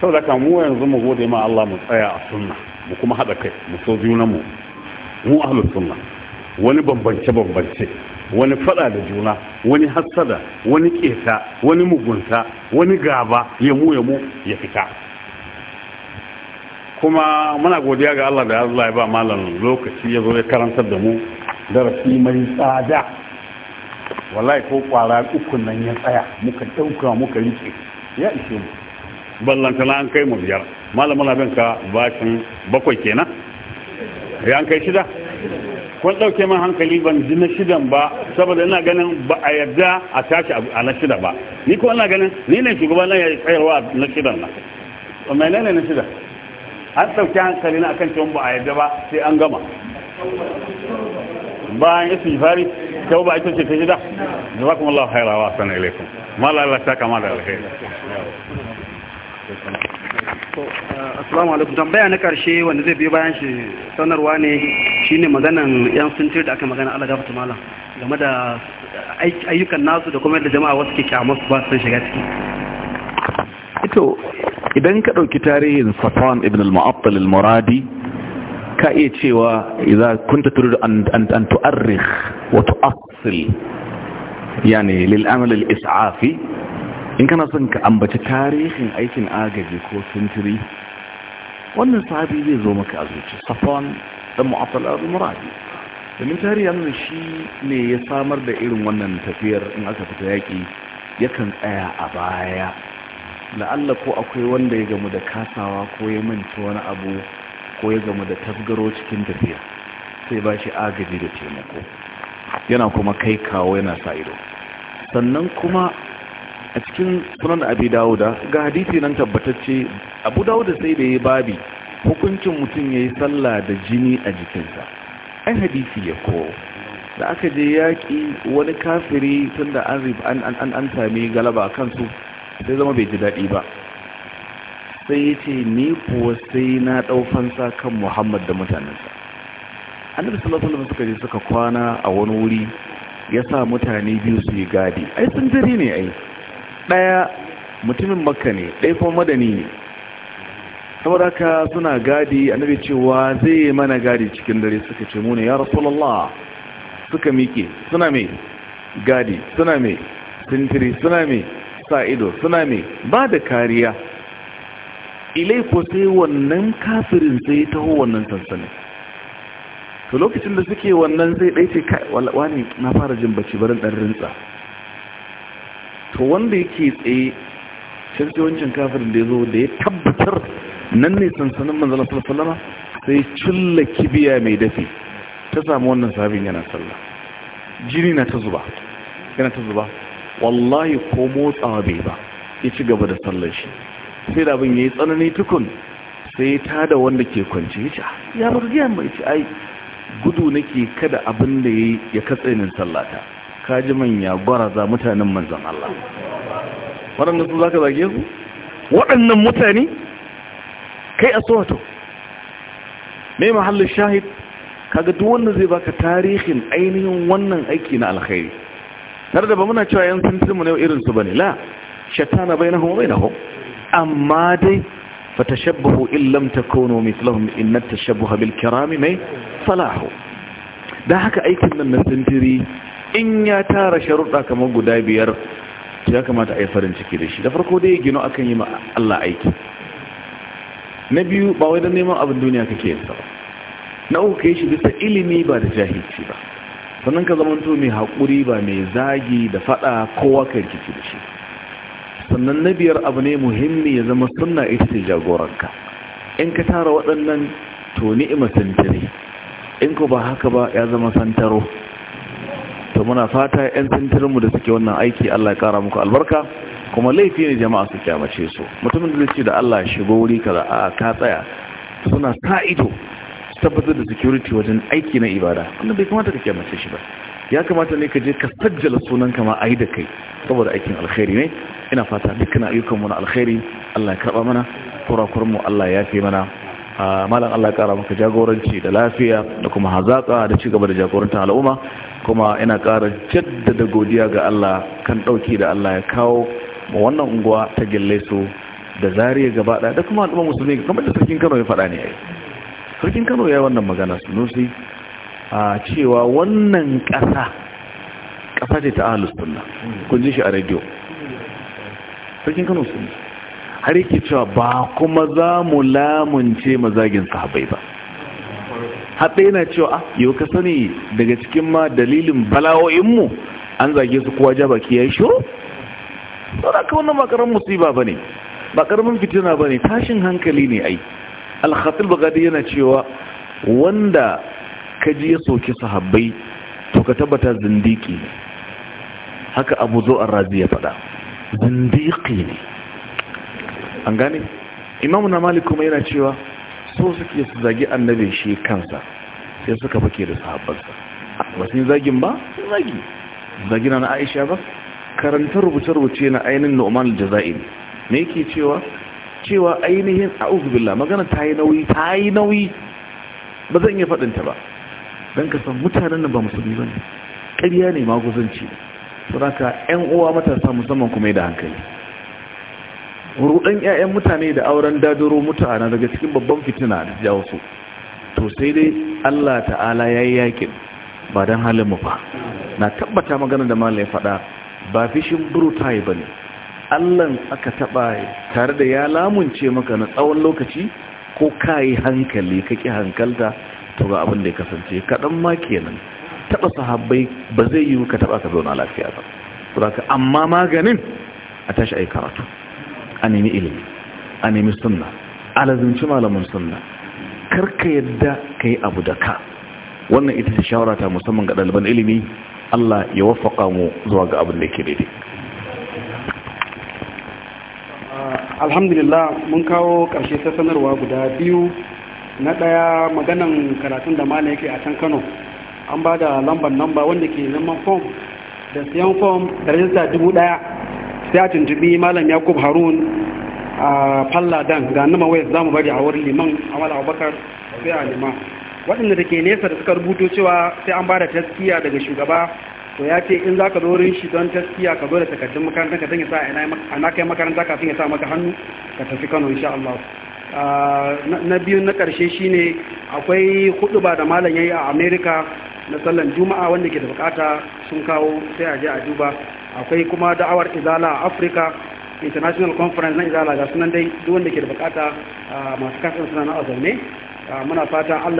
sau da kan mu yanzu mu gode ma Allah mu tsaya a sunna mu kuma haɗa kai mu so junan mu mu ahlus sunna wani bambance bambance wani fada da juna wani hassada wani keta wani mugunta wani gaba ya mu ya mu ya fita kuma muna godiya ga Allah da Allah ya ba malam lokaci ya zo ya karantar da mu darasi mai tsada wallahi ko kwara uku nan ya tsaya muka ɗauka muka rike ya ishe mu ballantana an kai mu biyar malam muna bin ka bakin bakwai kenan ya an kai shida kun ɗauke min hankali ban ji na shidan ba saboda ina ganin ba a yarda a tashi a na shida ba ni ko ina ganin ni ne shugaba na ya tsayarwa na shidan na menene na shidan an ɗauki hankali na akan cewa ba a yadda ba sai an gama bayan isu jifari kyau ba ita ce ta gida jazakum Allah khaira wa assalamu alaikum mala Allah ta kama da alkhairi eh, assalamu alaikum tambaya na karshe wanda zai biyo bayan shi sanarwa ne shine maganan yan sintir da aka magana Allah gafarta malam game da ayyukan nasu da kuma da jama'a wasu ke kyamar su ba su shiga ciki ito idan ka ɗauki tarihin safan ibn al-ma'attal al-muradi ka iya cewa idza kunta turidu an an tu'arrikh wa tu'assil yani lil amal al-is'afi in kana son ka ambaci tarihin aikin agaji ko sintiri wannan sahabi zai zo maka a zuci safan dan mu'attal al-muradi domin tarihin shi ne ya samar da irin wannan tafiyar in aka fita yaki yakan tsaya a baya la'alla ko akwai wanda ya gamu da kasawa ko ya manta wani abu ko ya gamu da tasgaro cikin tafiya sai ba shi agaji da taimako yana kuma kai kawo yana sa ido sannan kuma a cikin sunan abi dawuda ga hadisi nan tabbatacce abu dawuda sai da ya babi hukuncin mutum ya yi sallah da jini a jikinsa ai hadisi ya ko. da aka je yaƙi wani kafiri tun da an sami galaba kansu sai zama bai ji daɗi ba sai ya ce ni kuwa sai na ɗaufansa kan muhammad da mutanensa annabi sallallahu alaihi suka je suka kwana a wani wuri ya sa mutane biyu su yi gadi ai sun jari ne ai ɗaya mutumin makka ne ɗaya kuma madani ne saboda haka suna gadi annabi cewa zai mana gadi cikin dare suka ce mu ya rasulullah suka miƙe suna mai gadi suna mai sintiri suna mai sa ido suna ne ba da kariya ilai ko sai wannan kafirin sai taho wannan sansanin to lokacin da suke wannan sai ɗai ce wani na fara jin bacci barin ɗan rintsa to wanda yake tsaye shirce wancan kafirin da ya zo da ya tabbatar nan ne sansanin manzana salama sai cilla kibiya mai dafi ta samu wannan sabin yana sallah jini na ta zuba wallahi ko motsawa bai ba ya ci gaba da sallar shi sai da abin ya yi tsanani tukun sai ta da wanda ke kwanci ya ce ya ya mai ci ai gudu nake kada abin da ya ya katsa yin sallata kaji man gwara za mutanen manzan Allah waɗannan su zaka zage su waɗannan mutane kai a soto mai mahallin shahid kaga duk wanda zai baka tarihin ainihin wannan aiki na alkhairi tare da ba muna cewa yan mu ne irin su bane la shattana bainahum wa bainahum amma dai fatashabbahu in lam takunu mithluhum in tashabbaha bil kirami mai salahu Da haka aikin nan na sintiri in ya tara sharuɗa kamar guda biyar ya kamata a yi farin ciki da shi da farko dai gino akan yi ma Allah aiki na biyu ba wai neman abin duniya kake yin ba na uku kai shi bisa ilimi ba da jahilci ba sannan ka zama to mai haƙuri ba mai zagi da faɗa kowa ka kici da shi sannan na biyar abu ne muhimmi ya zama sunna ita ce jagoranka in ka tara waɗannan to ni'ima santare in ko ba haka ba ya zama santaro to muna fata 'yan sintirinmu da suke wannan aiki Allah ya kara muku albarka kuma laifi ne jama'a su kyamace su mutumin da zai ce da Allah shigo wuri kaza a ka tsaya suna sa ido tabbatar da security wajen aiki na ibada wannan bai kamata ka kyamace shi ba ya kamata ne ka je ka sajjala sunan kama a yi da kai saboda aikin alkhairi ne ina fata dukkan ayyukan mu na alkhairi Allah ya karba mana kurakuran mu Allah ya fi mana ah, malam Allah ya kara maka jagoranci da lafiya da kuma hazaka da ci gaba da jagorantar al'umma kuma ina kara jaddada godiya ga Allah kan dauki da Allah ya kawo mu wannan unguwa ta gille su da zariya gaba da kuma al'umma musulmi kamar da sarkin Kano ya faɗa ne sarkin kano ya yi wannan magana sunusi a cewa wannan ƙasa ƙasa ce ta ahalus sunna kun ji shi a rediyo sarkin kano sun har yake cewa ba kuma za mu lamunce mazagin sahabai ba haɗe yana cewa a ah, yau ka sani daga cikin ma dalilin bala'o'inmu an zage su kowa ja baki ya yi shiro saboda ka wannan ba ƙaramin musiba ba ne ba ƙaramin fitina ba ne tashin hankali ne ai alhassil bagadi yana cewa wanda ka ji ya soke sahabbai to ka tabbata zindiki ne haka abu zo an razi ya faɗa zindiki ne an gane imamu na malik kuma yana cewa so suke su zagi annabi shi kansa sai suka fake da sahabbansa ba sun zagin ba sun zagi zagi na aisha ba karanta rubuce-rubuce na ainihin na al jaza'i me yake cewa cewa ainihin a billah magana ta yi nauyi ta yi nauyi ba zan iya faɗinta ba don ka san mutanen nan ba musulmi bane ƙarya ne maguzanci ka ƴan uwa matasa musamman kuma da hankali rudan ƴaƴan mutane da auren dadaro na daga cikin babban fitina da jawo su to sai dai Allah ta'ala ya yi yakin ba don halin mu ba na tabbata magana da mallam ya faɗa ba fishin burutai bane allan aka taɓa tare da ya lamunce maka na tsawon lokaci ko ka yi hankali ƙi hankalta to ga abin da ya kasance kaɗan ma kenan taɓa sahabbai ba zai yi ka taɓa ka zauna lafiya ba saboda amma maganin a tashi a yi karatu a nemi ilimi a nemi sunna a lazinci malamin sunna kar ka yadda ka yi abu da ka wannan ita ce shawara ta musamman ga ɗaliban ilimi Allah ya waffaƙa mu zuwa ga abin da ke daidai alhamdulillah mun kawo ƙarshe ta sanarwa guda biyu na ɗaya maganan karatun da mana yake a can kano an ba da lambar namba wanda ke neman fom da siyan fom da rajista dubu ɗaya sai a tuntubi malam yakub harun a falla dan ga nama wayar za mu bari a wurin liman amal abubakar sai a lima waɗanda da ke nesa da suka rubuto cewa sai an ba da taskiya daga shugaba to ya ce in za ka wurin shi don taskiya ka zo da takardun makarantar ka sanya sa a na kai makaranta kafin ya sa maka hannu ka tafi kano insha Allah ah, na biyun na karshe shine akwai hudu ba da malam yayi a Amerika na sallan juma'a wanda ke da bukata sun kawo sai a je a duba akwai kuma da'awar izala a Africa international conference na izala ga sunan dai duk wanda ke da bukata ah, masu kasan suna na zaune ah, muna fata Allah